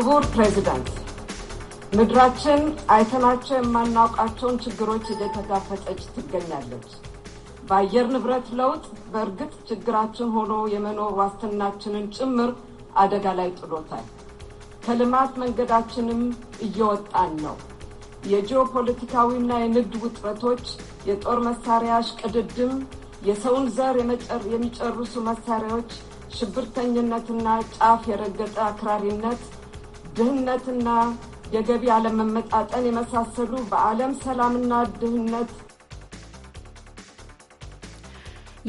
ክቡር ፕሬዚዳንት፣ ምድራችን አይተናቸው የማናውቃቸውን ችግሮች እየተጋፈጠች ትገኛለች። በአየር ንብረት ለውጥ በእርግጥ ችግራችን ሆኖ የመኖር ዋስትናችንን ጭምር አደጋ ላይ ጥሎታል። ከልማት መንገዳችንም እየወጣን ነው። የጂኦፖለቲካዊና የንግድ ውጥረቶች፣ የጦር መሳሪያ ሽቅድድም፣ የሰውን ዘር የሚጨርሱ መሳሪያዎች፣ ሽብርተኝነትና ጫፍ የረገጠ አክራሪነት ድህነትና የገቢ አለመመጣጠን የመሳሰሉ በዓለም ሰላምና ድህነት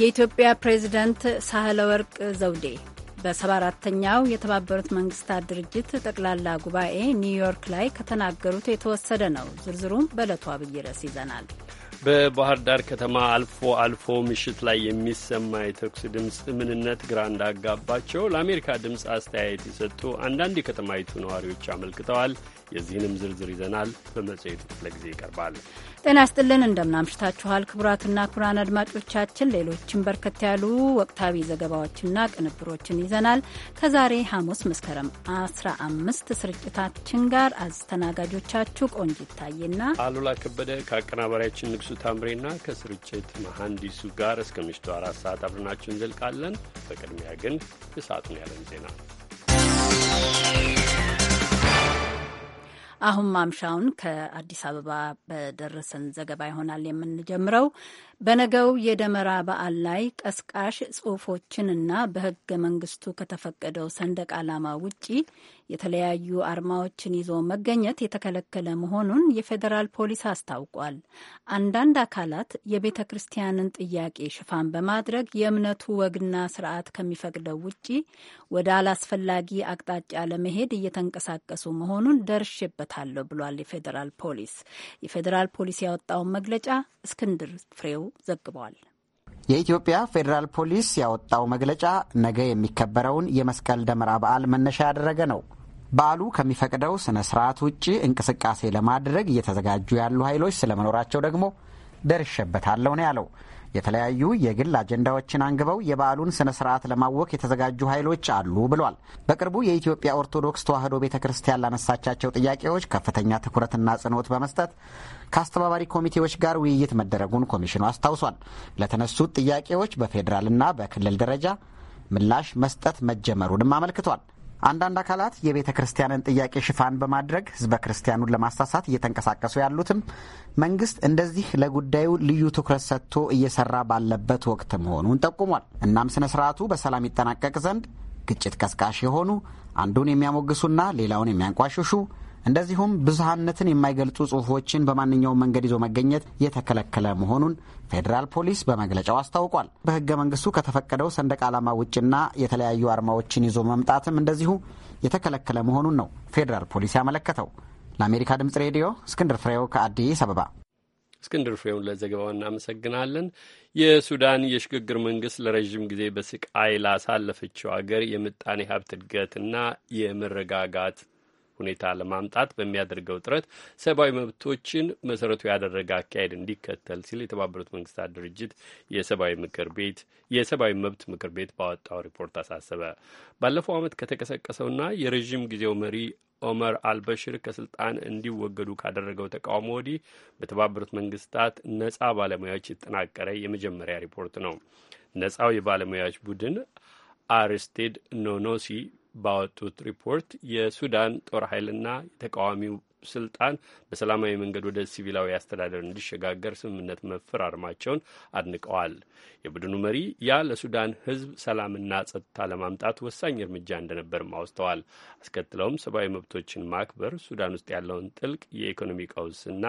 የኢትዮጵያ ፕሬዝደንት ሳህለ ወርቅ ዘውዴ በሰባ አራተኛው የተባበሩት መንግስታት ድርጅት ጠቅላላ ጉባኤ ኒውዮርክ ላይ ከተናገሩት የተወሰደ ነው። ዝርዝሩም በዕለቱ አብይ ርዕስ ይዘናል። በባህር ዳር ከተማ አልፎ አልፎ ምሽት ላይ የሚሰማ የተኩስ ድምፅ ምንነት ግራ እንዳጋባቸው ለአሜሪካ ድምፅ አስተያየት የሰጡ አንዳንድ የከተማይቱ ነዋሪዎች አመልክተዋል። የዚህንም ዝርዝር ይዘናል በመጽሔቱ ክፍለ ጊዜ ይቀርባል። ጤና ስጥልን እንደምናምሽታችኋል። ክቡራትና ክቡራን አድማጮቻችን ሌሎችን በርከት ያሉ ወቅታዊ ዘገባዎችና ቅንብሮችን ይዘናል። ከዛሬ ሐሙስ መስከረም 15 ስርጭታችን ጋር አስተናጋጆቻችሁ ቆንጅ ይታየና አሉላ ከበደ ከአቀናባሪያችን ንጉሱ ታምሬና ከስርጭት መሐንዲሱ ጋር እስከ ምሽቱ አራት ሰዓት አብረናችሁ እንዘልቃለን። በቅድሚያ ግን የሰዓቱን ያለን ዜና አሁን ማምሻውን ከአዲስ አበባ በደረሰን ዘገባ ይሆናል የምንጀምረው። በነገው የደመራ በዓል ላይ ቀስቃሽ ጽሁፎችንና በህገ መንግስቱ ከተፈቀደው ሰንደቅ ዓላማ ውጪ የተለያዩ አርማዎችን ይዞ መገኘት የተከለከለ መሆኑን የፌዴራል ፖሊስ አስታውቋል። አንዳንድ አካላት የቤተ ክርስቲያንን ጥያቄ ሽፋን በማድረግ የእምነቱ ወግና ስርዓት ከሚፈቅደው ውጪ ወደ አላስፈላጊ አቅጣጫ ለመሄድ እየተንቀሳቀሱ መሆኑን ደርሽበታለሁ ብሏል የፌዴራል ፖሊስ። የፌዴራል ፖሊስ ያወጣውን መግለጫ እስክንድር ፍሬው ዘግበዋል። የኢትዮጵያ ፌዴራል ፖሊስ ያወጣው መግለጫ ነገ የሚከበረውን የመስቀል ደመራ በዓል መነሻ ያደረገ ነው። በዓሉ ከሚፈቅደው ስነ ስርዓት ውጭ እንቅስቃሴ ለማድረግ እየተዘጋጁ ያሉ ኃይሎች ስለመኖራቸው ደግሞ ደርሸበታለሁ ነው ያለው። የተለያዩ የግል አጀንዳዎችን አንግበው የበዓሉን ስነ ስርዓት ለማወክ የተዘጋጁ ኃይሎች አሉ ብሏል። በቅርቡ የኢትዮጵያ ኦርቶዶክስ ተዋሕዶ ቤተ ክርስቲያን ላነሳቻቸው ጥያቄዎች ከፍተኛ ትኩረትና ጽንኦት በመስጠት ከአስተባባሪ ኮሚቴዎች ጋር ውይይት መደረጉን ኮሚሽኑ አስታውሷል። ለተነሱት ጥያቄዎች በፌዴራልና በክልል ደረጃ ምላሽ መስጠት መጀመሩንም አመልክቷል። አንዳንድ አካላት የቤተ ክርስቲያንን ጥያቄ ሽፋን በማድረግ ህዝበ ክርስቲያኑን ለማሳሳት እየተንቀሳቀሱ ያሉትም መንግስት እንደዚህ ለጉዳዩ ልዩ ትኩረት ሰጥቶ እየሰራ ባለበት ወቅት መሆኑን ጠቁሟል። እናም ስነ ስርዓቱ በሰላም ይጠናቀቅ ዘንድ ግጭት ቀስቃሽ የሆኑ አንዱን የሚያሞግሱና ሌላውን የሚያንቋሽሹ እንደዚሁም ብዝሃነትን የማይገልጹ ጽሁፎችን በማንኛውም መንገድ ይዞ መገኘት የተከለከለ መሆኑን ፌዴራል ፖሊስ በመግለጫው አስታውቋል። በህገ መንግስቱ ከተፈቀደው ሰንደቅ ዓላማ ውጭና የተለያዩ አርማዎችን ይዞ መምጣትም እንደዚሁ የተከለከለ መሆኑን ነው ፌዴራል ፖሊስ ያመለከተው። ለአሜሪካ ድምጽ ሬዲዮ እስክንድር ፍሬው ከአዲስ አበባ። እስክንድር ፍሬውን ለዘገባው እናመሰግናለን። የሱዳን የሽግግር መንግስት ለረዥም ጊዜ በስቃይ ላሳለፈችው አገር የምጣኔ ሀብት እድገትና የመረጋጋት ሁኔታ ለማምጣት በሚያደርገው ጥረት ሰብአዊ መብቶችን መሰረቱ ያደረገ አካሄድ እንዲከተል ሲል የተባበሩት መንግስታት ድርጅት የሰብአዊ ምክር ቤት የሰብአዊ መብት ምክር ቤት ባወጣው ሪፖርት አሳሰበ። ባለፈው ዓመት ከተቀሰቀሰውና የረዥም ጊዜው መሪ ኦመር አልበሽር ከስልጣን እንዲወገዱ ካደረገው ተቃውሞ ወዲህ በተባበሩት መንግስታት ነጻ ባለሙያዎች የተጠናቀረ የመጀመሪያ ሪፖርት ነው። ነጻው የባለሙያዎች ቡድን አርስቴድ ኖኖሲ ባወጡት ሪፖርት የሱዳን ጦር ኃይልና የተቃዋሚው ስልጣን በሰላማዊ መንገድ ወደ ሲቪላዊ አስተዳደር እንዲሸጋገር ስምምነት መፈራረማቸውን አድንቀዋል። የቡድኑ መሪ ያ ለሱዳን ሕዝብ ሰላምና ጸጥታ ለማምጣት ወሳኝ እርምጃ እንደነበርም አውስተዋል። አስከትለውም ሰብአዊ መብቶችን ማክበር ሱዳን ውስጥ ያለውን ጥልቅ የኢኮኖሚ ቀውስና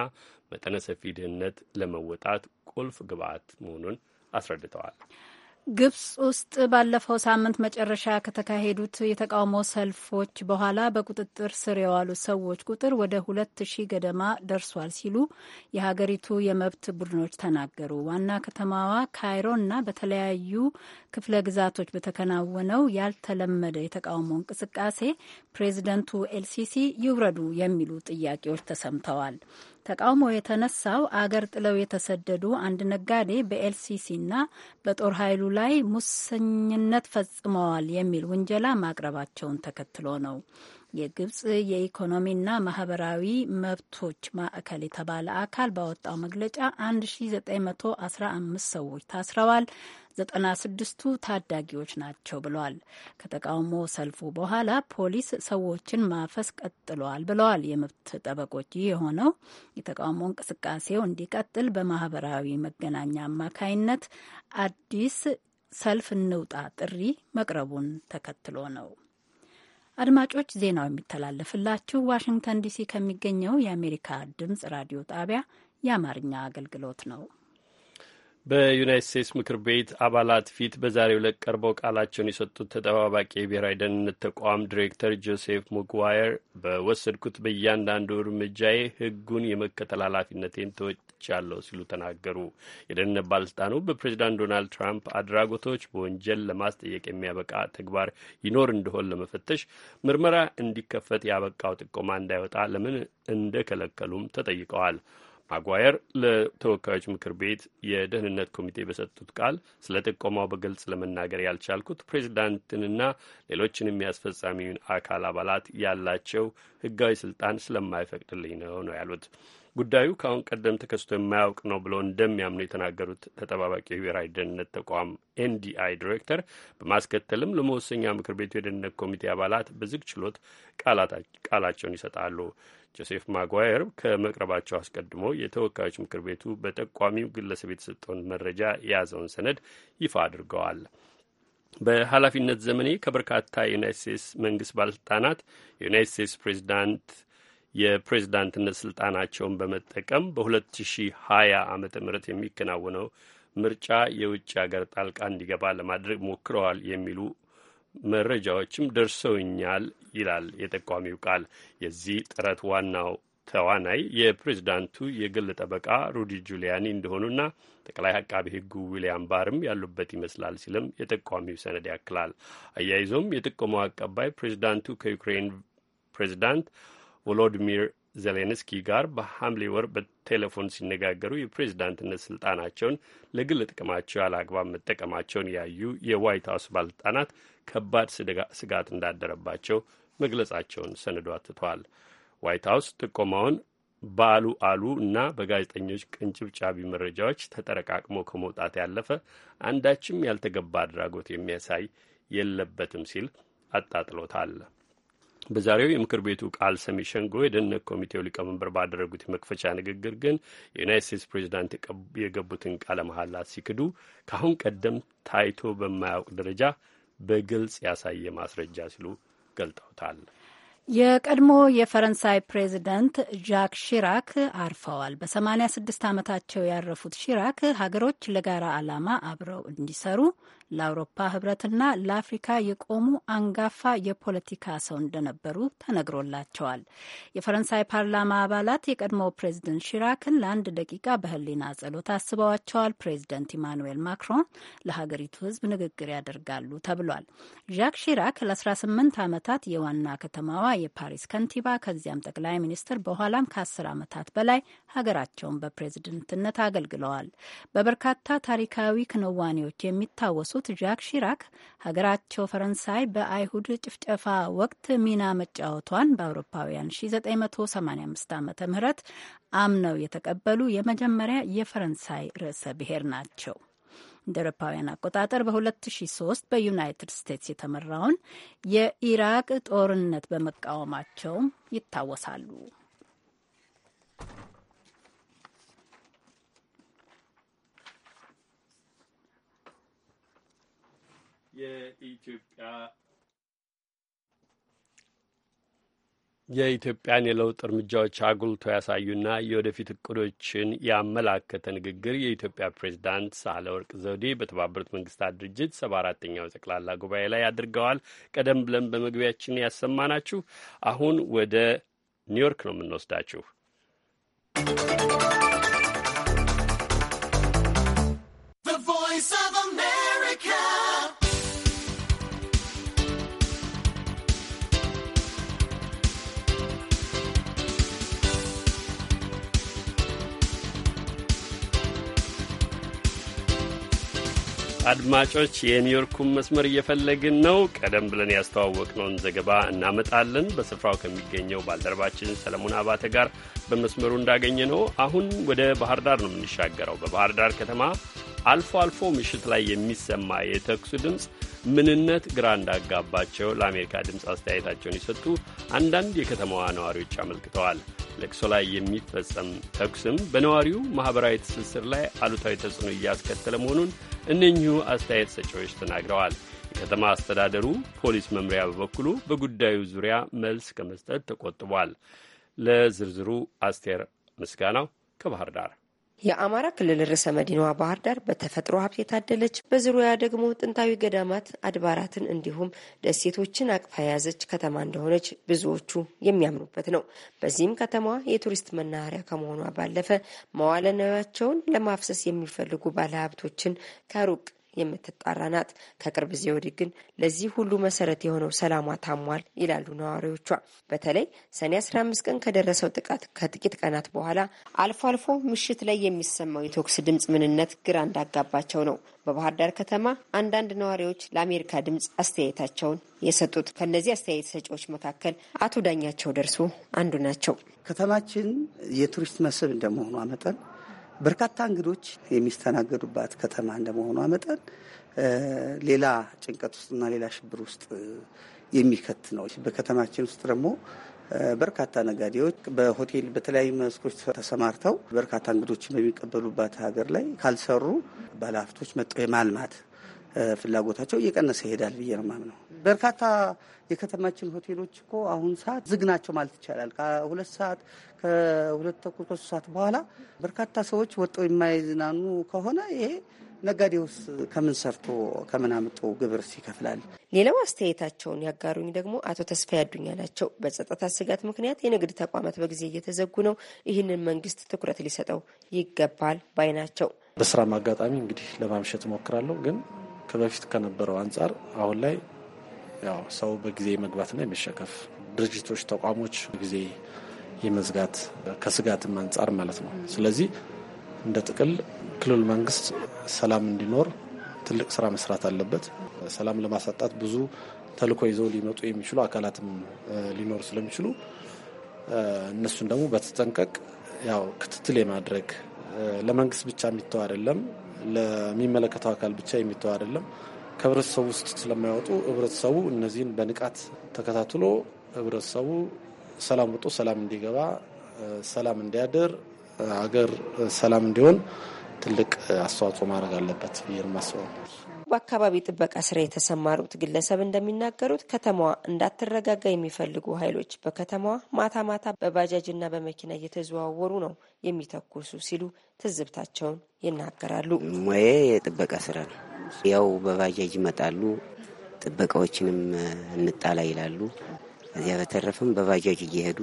መጠነ ሰፊ ድህነት ለመወጣት ቁልፍ ግብዓት መሆኑን አስረድተዋል። ግብጽ ውስጥ ባለፈው ሳምንት መጨረሻ ከተካሄዱት የተቃውሞ ሰልፎች በኋላ በቁጥጥር ስር የዋሉ ሰዎች ቁጥር ወደ ሁለት ሺህ ገደማ ደርሷል ሲሉ የሀገሪቱ የመብት ቡድኖች ተናገሩ። ዋና ከተማዋ እና በተለያዩ ክፍለ ግዛቶች በተከናወነው ያልተለመደ የተቃውሞ እንቅስቃሴ ፕሬዚደንቱ ኤልሲሲ ይውረዱ የሚሉ ጥያቄዎች ተሰምተዋል። ተቃውሞ የተነሳው አገር ጥለው የተሰደዱ አንድ ነጋዴ በኤልሲሲና በጦር ኃይሉ ላይ ሙሰኝነት ፈጽመዋል የሚል ውንጀላ ማቅረባቸውን ተከትሎ ነው። የግብጽ የኢኮኖሚና ማህበራዊ መብቶች ማዕከል የተባለ አካል ባወጣው መግለጫ 1915 ሰዎች ታስረዋል፣ 96ቱ ታዳጊዎች ናቸው ብለዋል። ከተቃውሞ ሰልፉ በኋላ ፖሊስ ሰዎችን ማፈስ ቀጥሏል ብለዋል የመብት ጠበቆች። ይህ የሆነው የተቃውሞ እንቅስቃሴው እንዲቀጥል በማህበራዊ መገናኛ አማካይነት አዲስ ሰልፍ እንውጣ ጥሪ መቅረቡን ተከትሎ ነው። አድማጮች ዜናው የሚተላለፍላችሁ ዋሽንግተን ዲሲ ከሚገኘው የአሜሪካ ድምጽ ራዲዮ ጣቢያ የአማርኛ አገልግሎት ነው። በዩናይት ስቴትስ ምክር ቤት አባላት ፊት በዛሬው ዕለት ቀርበው ቃላቸውን የሰጡት ተጠባባቂ የብሔራዊ ደህንነት ተቋም ዲሬክተር ጆሴፍ ሙግዋየር በወሰድኩት በእያንዳንዱ እርምጃዬ ሕጉን የመከተል ኃላፊነቴን አለው ሲሉ ተናገሩ። የደህንነት ባለስልጣኑ በፕሬዚዳንት ዶናልድ ትራምፕ አድራጎቶች በወንጀል ለማስጠየቅ የሚያበቃ ተግባር ይኖር እንደሆን ለመፈተሽ ምርመራ እንዲከፈት ያበቃው ጥቆማ እንዳይወጣ ለምን እንደከለከሉም ተጠይቀዋል። ማጓየር ለተወካዮች ምክር ቤት የደህንነት ኮሚቴ በሰጡት ቃል ስለ ጥቆማው በግልጽ ለመናገር ያልቻልኩት ፕሬዚዳንትንና ሌሎችንም የአስፈጻሚውን አካል አባላት ያላቸው ሕጋዊ ስልጣን ስለማይፈቅድልኝ ነው ነው ያሉት። ጉዳዩ ከአሁን ቀደም ተከስቶ የማያውቅ ነው ብሎ እንደሚያምኑ የተናገሩት ተጠባባቂ ብሔራዊ ደህንነት ተቋም ኤንዲአይ ዲሬክተር በማስከተልም ለመወሰኛ ምክር ቤቱ የደህንነት ኮሚቴ አባላት በዝግ ችሎት ቃላቸውን ይሰጣሉ። ጆሴፍ ማጓየር ከመቅረባቸው አስቀድሞ የተወካዮች ምክር ቤቱ በጠቋሚው ግለሰብ የተሰጠውን መረጃ የያዘውን ሰነድ ይፋ አድርገዋል። በኃላፊነት ዘመኔ ከበርካታ የዩናይት ስቴትስ መንግስት ባለስልጣናት የዩናይት ስቴትስ ፕሬዚዳንት የፕሬዝዳንትነት ስልጣናቸውን በመጠቀም በ2020 ዓ ም የሚከናወነው ምርጫ የውጭ ሀገር ጣልቃ እንዲገባ ለማድረግ ሞክረዋል የሚሉ መረጃዎችም ደርሰውኛል ይላል የጠቋሚው ቃል። የዚህ ጥረት ዋናው ተዋናይ የፕሬዝዳንቱ የግል ጠበቃ ሩዲ ጁሊያኒ እንደሆኑና ጠቅላይ አቃቢ ሕጉ ዊልያም ባርም ያሉበት ይመስላል ሲልም የጠቋሚው ሰነድ ያክላል። አያይዞም የጥቆማው አቀባይ ፕሬዝዳንቱ ከዩክሬን ፕሬዝዳንት ቮሎዲሚር ዜሌንስኪ ጋር በሐምሌ ወር በቴሌፎን ሲነጋገሩ የፕሬዝዳንትነት ስልጣናቸውን ለግል ጥቅማቸው ያለአግባብ መጠቀማቸውን ያዩ የዋይት ሀውስ ባለስልጣናት ከባድ ስጋት እንዳደረባቸው መግለጻቸውን ሰነዱ አትተዋል። ዋይት ሀውስ ጥቆማውን በአሉ አሉ እና በጋዜጠኞች ቅንጭብጫቢ መረጃዎች ተጠረቃቅሞ ከመውጣት ያለፈ አንዳችም ያልተገባ አድራጎት የሚያሳይ የለበትም ሲል አጣጥሎታል። በዛሬው የምክር ቤቱ ቃል ሰሚ ሸንጎ የደህንነት ኮሚቴው ሊቀመንበር ባደረጉት የመክፈቻ ንግግር ግን የዩናይት ስቴትስ ፕሬዚዳንት የገቡትን ቃለ መሐላ ሲክዱ ከአሁን ቀደም ታይቶ በማያውቅ ደረጃ በግልጽ ያሳየ ማስረጃ ሲሉ ገልጠውታል። የቀድሞ የፈረንሳይ ፕሬዚዳንት ዣክ ሺራክ አርፈዋል። በ86 ዓመታቸው ያረፉት ሺራክ ሀገሮች ለጋራ ዓላማ አብረው እንዲሰሩ ለአውሮፓ ህብረትና ለአፍሪካ የቆሙ አንጋፋ የፖለቲካ ሰው እንደነበሩ ተነግሮላቸዋል። የፈረንሳይ ፓርላማ አባላት የቀድሞው ፕሬዚደንት ሺራክን ለአንድ ደቂቃ በህሊና ጸሎት አስበዋቸዋል። ፕሬዚደንት ኢማኑዌል ማክሮን ለሀገሪቱ ህዝብ ንግግር ያደርጋሉ ተብሏል። ዣክ ሺራክ ለ18 ዓመታት የዋና ከተማዋ የፓሪስ ከንቲባ ከዚያም ጠቅላይ ሚኒስትር በኋላም ከ ከ10 ዓመታት በላይ ሀገራቸውን በፕሬዝደንትነት አገልግለዋል። በበርካታ ታሪካዊ ክንዋኔዎች የሚታወሱ የገለጹት ዣክ ሺራክ ሀገራቸው ፈረንሳይ በአይሁድ ጭፍጨፋ ወቅት ሚና መጫወቷን በአውሮፓውያን 1985 ዓ ም አምነው የተቀበሉ የመጀመሪያ የፈረንሳይ ርዕሰ ብሔር ናቸው። እንደ አውሮፓውያን አቆጣጠር በ2003 በዩናይትድ ስቴትስ የተመራውን የኢራቅ ጦርነት በመቃወማቸውም ይታወሳሉ። የኢትዮጵያን የለውጥ እርምጃዎች አጉልቶ ያሳዩና የወደፊት እቅዶችን ያመላከተ ንግግር የኢትዮጵያ ፕሬዝዳንት ወርቅ ዘውዴ በተባበሩት መንግስታት ድርጅት ሰባ አራተኛው ጠቅላላ ጉባኤ ላይ አድርገዋል። ቀደም ብለን በመግቢያችን ያሰማናችሁ። አሁን ወደ ኒውዮርክ ነው የምንወስዳችሁ። አድማጮች የኒውዮርኩን መስመር እየፈለግን ነው። ቀደም ብለን ያስተዋወቅነውን ዘገባ እናመጣለን። በስፍራው ከሚገኘው ባልደረባችን ሰለሞን አባተ ጋር በመስመሩ እንዳገኘ ነው። አሁን ወደ ባህር ዳር ነው የምንሻገረው። በባህር ዳር ከተማ አልፎ አልፎ ምሽት ላይ የሚሰማ የተኩሱ ድምፅ ምንነት ግራ እንዳጋባቸው ለአሜሪካ ድምፅ አስተያየታቸውን የሰጡ አንዳንድ የከተማዋ ነዋሪዎች አመልክተዋል። ለቅሶ ላይ የሚፈጸም ተኩስም በነዋሪው ማኅበራዊ ትስስር ላይ አሉታዊ ተጽዕኖ እያስከተለ መሆኑን እነኚሁ አስተያየት ሰጪዎች ተናግረዋል። የከተማ አስተዳደሩ ፖሊስ መምሪያ በበኩሉ በጉዳዩ ዙሪያ መልስ ከመስጠት ተቆጥቧል። ለዝርዝሩ አስቴር ምስጋናው ከባህር ዳር የአማራ ክልል ርዕሰ መዲናዋ ባህር ዳር በተፈጥሮ ሀብት የታደለች በዙሪያዋ ደግሞ ጥንታዊ ገዳማት፣ አድባራትን እንዲሁም ደሴቶችን አቅፋ የያዘች ከተማ እንደሆነች ብዙዎቹ የሚያምኑበት ነው። በዚህም ከተማዋ የቱሪስት መናኸሪያ ከመሆኗ ባለፈ መዋለ ንዋያቸውን ለማፍሰስ የሚፈልጉ ባለሀብቶችን ከሩቅ የምትጣራ ናት። ከቅርብ ጊዜ ወዲህ ግን ለዚህ ሁሉ መሰረት የሆነው ሰላሟ ታሟል ይላሉ ነዋሪዎቿ። በተለይ ሰኔ 15 ቀን ከደረሰው ጥቃት ከጥቂት ቀናት በኋላ አልፎ አልፎ ምሽት ላይ የሚሰማው የተኩስ ድምፅ ምንነት ግራ እንዳጋባቸው ነው በባህር ዳር ከተማ አንዳንድ ነዋሪዎች ለአሜሪካ ድምፅ አስተያየታቸውን የሰጡት። ከእነዚህ አስተያየት ሰጪዎች መካከል አቶ ዳኛቸው ደርሶ አንዱ ናቸው። ከተማችን የቱሪስት መስህብ እንደመሆኗ መጠን በርካታ እንግዶች የሚስተናገዱባት ከተማ እንደመሆኗ መጠን ሌላ ጭንቀት ውስጥና ሌላ ሽብር ውስጥ የሚከት ነው። በከተማችን ውስጥ ደግሞ በርካታ ነጋዴዎች በሆቴል በተለያዩ መስኮች ተሰማርተው በርካታ እንግዶችን በሚቀበሉባት ሀገር ላይ ካልሰሩ ባለሀብቶች መጠው የማልማት ፍላጎታቸው እየቀነሰ ይሄዳል ብዬ ነው የማምነው። በርካታ የከተማችን ሆቴሎች እኮ አሁን ሰዓት ዝግ ናቸው ማለት ይቻላል። ከሁለት ሰዓት ከሁለት ተኩል ከሶስት ሰዓት በኋላ በርካታ ሰዎች ወጠው የማይዝናኑ ከሆነ ይሄ ነጋዴውስ ከምን ሰርቶ ከምን አምጦ ግብር ይከፍላል? ሌላው አስተያየታቸውን ያጋሩኝ ደግሞ አቶ ተስፋ ያዱኛ ናቸው። በጸጥታ ስጋት ምክንያት የንግድ ተቋማት በጊዜ እየተዘጉ ነው። ይህንን መንግስት ትኩረት ሊሰጠው ይገባል ባይ ናቸው። በስራም አጋጣሚ እንግዲህ ለማምሸት እሞክራለሁ፣ ግን ከበፊት ከነበረው አንጻር አሁን ላይ ያው ሰው በጊዜ የመግባትና የመሸከፍ ድርጅቶች፣ ተቋሞች ጊዜ የመዝጋት ከስጋትም አንጻር ማለት ነው። ስለዚህ እንደ ጥቅል ክልል መንግስት ሰላም እንዲኖር ትልቅ ስራ መስራት አለበት። ሰላም ለማሳጣት ብዙ ተልኮ ይዘው ሊመጡ የሚችሉ አካላትም ሊኖሩ ስለሚችሉ እነሱን ደግሞ በተጠንቀቅ ያው ክትትል የማድረግ ለመንግስት ብቻ የሚተው አይደለም፣ ለሚመለከተው አካል ብቻ የሚተው አይደለም። ከህብረተሰቡ ውስጥ ስለማይወጡ ህብረተሰቡ እነዚህን በንቃት ተከታትሎ ህብረተሰቡ ሰላም ወጦ ሰላም እንዲገባ፣ ሰላም እንዲያድር፣ ሀገር ሰላም እንዲሆን ትልቅ አስተዋጽኦ ማድረግ አለበት ብዬ የማስበው። በአካባቢ ጥበቃ ስራ የተሰማሩት ግለሰብ እንደሚናገሩት ከተማዋ እንዳትረጋጋ የሚፈልጉ ኃይሎች በከተማዋ ማታ ማታ በባጃጅና በመኪና እየተዘዋወሩ ነው የሚተኩሱ ሲሉ ትዝብታቸውን ይናገራሉ። ሙዬ የጥበቃ ስራ ነው። ያው በባጃጅ ይመጣሉ፣ ጥበቃዎችንም እንጣላ ይላሉ። እዚያ በተረፈም በባጃጅ እየሄዱ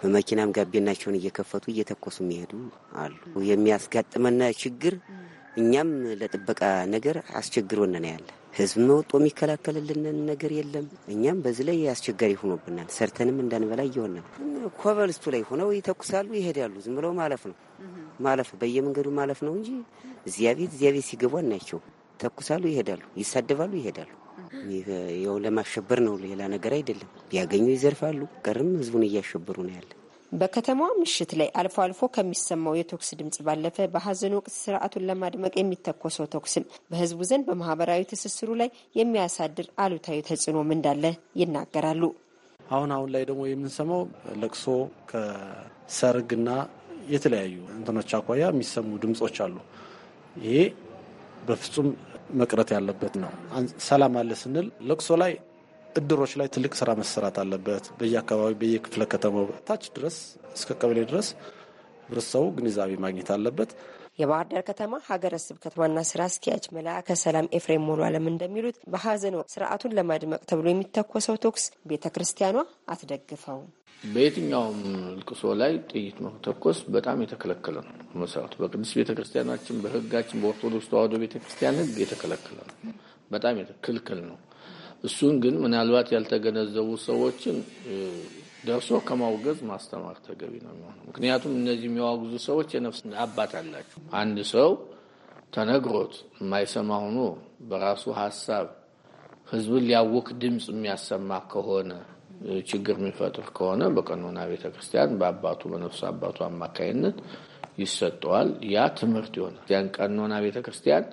በመኪናም ጋቢናቸውን እየከፈቱ እየተኮሱ የሚሄዱ አሉ። የሚያስጋጥመና ችግር እኛም ለጥበቃ ነገር አስቸግሮን ነው ያለ። ህዝብ መውጦ የሚከላከልልን ነገር የለም። እኛም በዚህ ላይ አስቸጋሪ ሆኖብናል። ሰርተንም እንዳንበላ እየሆነ ኮበልስቱ ላይ ሆነው ይተኩሳሉ፣ ይሄዳሉ። ዝም ብለው ማለፍ ነው ማለፍ፣ በየመንገዱ ማለፍ ነው እንጂ እዚያ ቤት እዚያ ቤት ሲገቡ ናቸው። ተኩሳሉ፣ ይሄዳሉ፣ ይሳደባሉ፣ ይሄዳሉ። የው ለማሸበር ነው፣ ሌላ ነገር አይደለም። ቢያገኙ ይዘርፋሉ። ቀርም ህዝቡን እያሸበሩ ነው ያለ። በከተማዋ ምሽት ላይ አልፎ አልፎ ከሚሰማው የተኩስ ድምጽ ባለፈ በሀዘን ወቅት ስርዓቱን ለማድመቅ የሚተኮሰው ተኩስም በህዝቡ ዘንድ በማህበራዊ ትስስሩ ላይ የሚያሳድር አሉታዊ ተጽዕኖም እንዳለ ይናገራሉ። አሁን አሁን ላይ ደግሞ የምንሰማው ለቅሶ ከሰርግና የተለያዩ እንትኖች አኳያ የሚሰሙ ድምጾች አሉ። ይሄ በፍጹም መቅረት ያለበት ነው። ሰላም አለ ስንል ለቅሶ ላይ እድሮች ላይ ትልቅ ስራ መሰራት አለበት። በየአካባቢ በየክፍለ ከተማው ታች ድረስ እስከ ቀበሌ ድረስ ህብረተሰቡ ግንዛቤ ማግኘት አለበት። የባህር ዳር ከተማ ሀገረ ስብከት ዋና ስራ አስኪያጅ መልአከ ሰላም ኤፍሬም ሞሉ አለም እንደሚሉት በሀዘን ወቅት ስርዓቱን ለማድመቅ ተብሎ የሚተኮሰው ተኩስ ቤተ ክርስቲያኗ አትደግፈው። በየትኛውም ልቅሶ ላይ ጥይት መተኮስ በጣም የተከለከለ ነው። መሰረቱ በቅዱስ ቤተክርስቲያናችን፣ በህጋችን፣ በኦርቶዶክስ ተዋህዶ ቤተክርስቲያን ህግ የተከለከለ ነው። በጣም ክልክል ነው። እሱን ግን ምናልባት ያልተገነዘቡ ሰዎችን ደርሶ ከማውገዝ ማስተማር ተገቢ ነው የሚሆነው። ምክንያቱም እነዚህ የሚያዋጉዙ ሰዎች የነፍስ አባት አላቸው። አንድ ሰው ተነግሮት የማይሰማ ሆኖ በራሱ ሀሳብ ህዝብን ሊያውክ ድምፅ የሚያሰማ ከሆነ ችግር የሚፈጥር ከሆነ በቀኖና ቤተ ክርስቲያን በአባቱ በነፍሱ አባቱ አማካይነት ይሰጠዋል። ያ ትምህርት ይሆናል። ያን ቀኖና ቤተ ክርስቲያን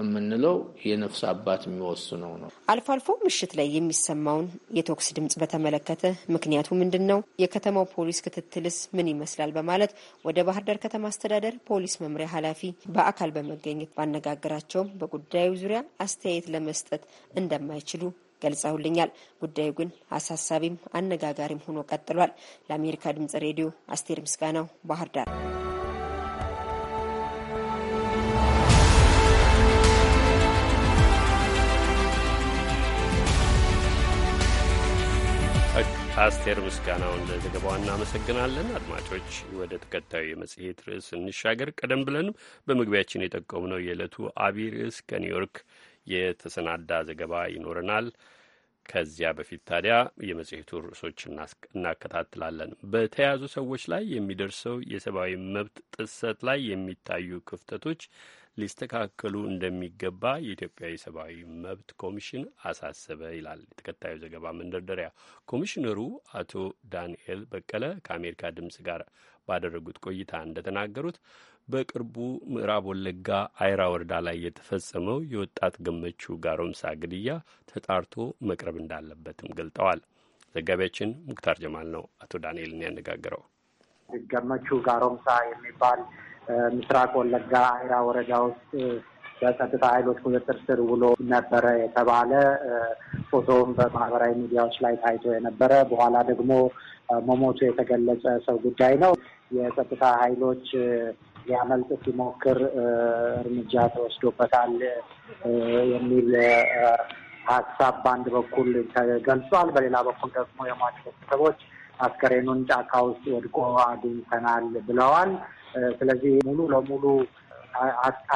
የምንለው የነፍስ አባት የሚወስነው ነው። አልፎ አልፎ ምሽት ላይ የሚሰማውን የቶክስ ድምጽ በተመለከተ ምክንያቱ ምንድን ነው? የከተማው ፖሊስ ክትትልስ ምን ይመስላል? በማለት ወደ ባህር ዳር ከተማ አስተዳደር ፖሊስ መምሪያ ኃላፊ በአካል በመገኘት ባነጋገራቸውም በጉዳዩ ዙሪያ አስተያየት ለመስጠት እንደማይችሉ ገልጸውልኛል። ጉዳዩ ግን አሳሳቢም አነጋጋሪም ሆኖ ቀጥሏል። ለአሜሪካ ድምጽ ሬዲዮ አስቴር ምስጋናው ባህር ዳር አስቴር ምስጋናውን ለዘገባዋ እናመሰግናለን። አድማጮች ወደ ተከታዩ የመጽሔት ርዕስ እንሻገር። ቀደም ብለን በመግቢያችን የጠቆምነው የዕለቱ አቢይ ርዕስ ከኒውዮርክ የተሰናዳ ዘገባ ይኖረናል። ከዚያ በፊት ታዲያ የመጽሔቱ ርዕሶች እናከታትላለን። በተያያዙ ሰዎች ላይ የሚደርሰው የሰብአዊ መብት ጥሰት ላይ የሚታዩ ክፍተቶች ሊስተካከሉ እንደሚገባ የኢትዮጵያ የሰብአዊ መብት ኮሚሽን አሳሰበ ይላል የተከታዩ ዘገባ መንደርደሪያ። ኮሚሽነሩ አቶ ዳንኤል በቀለ ከአሜሪካ ድምፅ ጋር ባደረጉት ቆይታ እንደተናገሩት በቅርቡ ምዕራብ ወለጋ አይራ ወረዳ ላይ የተፈጸመው የወጣት ገመቹ ጋሮምሳ ግድያ ተጣርቶ መቅረብ እንዳለበትም ገልጠዋል። ዘጋቢያችን ሙክታር ጀማል ነው አቶ ዳንኤልን ያነጋገረው። ገመቹ ጋሮምሳ የሚባል ምስራቅ ወለጋ አይራ ወረዳ ውስጥ በጸጥታ ኃይሎች ቁጥጥር ስር ውሎ ነበረ የተባለ ፎቶውም በማህበራዊ ሚዲያዎች ላይ ታይቶ የነበረ በኋላ ደግሞ መሞቱ የተገለጸ ሰው ጉዳይ ነው። የጸጥታ ኃይሎች ሊያመልጥ ሲሞክር እርምጃ ተወስዶበታል የሚል ሀሳብ በአንድ በኩል ተገልጿል። በሌላ በኩል ደግሞ የሟች ቤተሰቦች አስከሬኑን ጫካ ውስጥ ወድቆ አግኝተናል ብለዋል። ስለዚህ ሙሉ ለሙሉ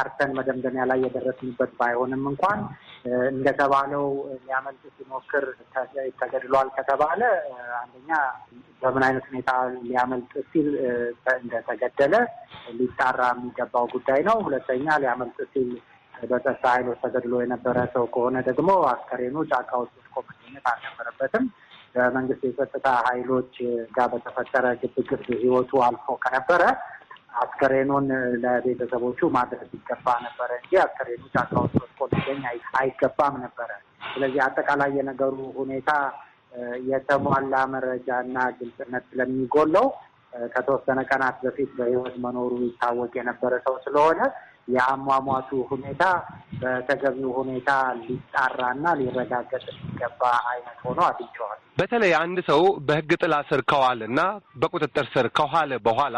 አርተን መደምደሚያ ላይ የደረስንበት ባይሆንም እንኳን እንደተባለው ሊያመልጥ ሲሞክር ተገድሏል ከተባለ አንደኛ በምን አይነት ሁኔታ ሊያመልጥ ሲል እንደተገደለ ሊጣራ የሚገባው ጉዳይ ነው። ሁለተኛ ሊያመልጥ ሲል በጸጥታ ኃይሎች ተገድሎ የነበረ ሰው ከሆነ ደግሞ አስከሬኑ ጫካ ውስጥ ወድቆ መገኘት አልነበረበትም። በመንግስት የጸጥታ ኃይሎች ጋር በተፈጠረ ግብግብ ህይወቱ አልፎ ከነበረ አስከሬኑን ለቤተሰቦቹ ማድረስ ይገባ ነበረ እንጂ አስከሬኑ ጫካ ውስጥ ወድቆ ሊገኝ አይገባም ነበረ። ስለዚህ አጠቃላይ የነገሩ ሁኔታ የተሟላ መረጃና ግልጽነት ስለሚጎለው ከተወሰነ ቀናት በፊት በሕይወት መኖሩ ይታወቅ የነበረ ሰው ስለሆነ የአሟሟቱ ሁኔታ በተገቢው ሁኔታ ሊጣራና ሊረጋገጥ የሚገባ አይነት ሆኖ አግኝቼዋለሁ። በተለይ አንድ ሰው በሕግ ጥላ ስር ከዋለና በቁጥጥር ስር ከዋለ በኋላ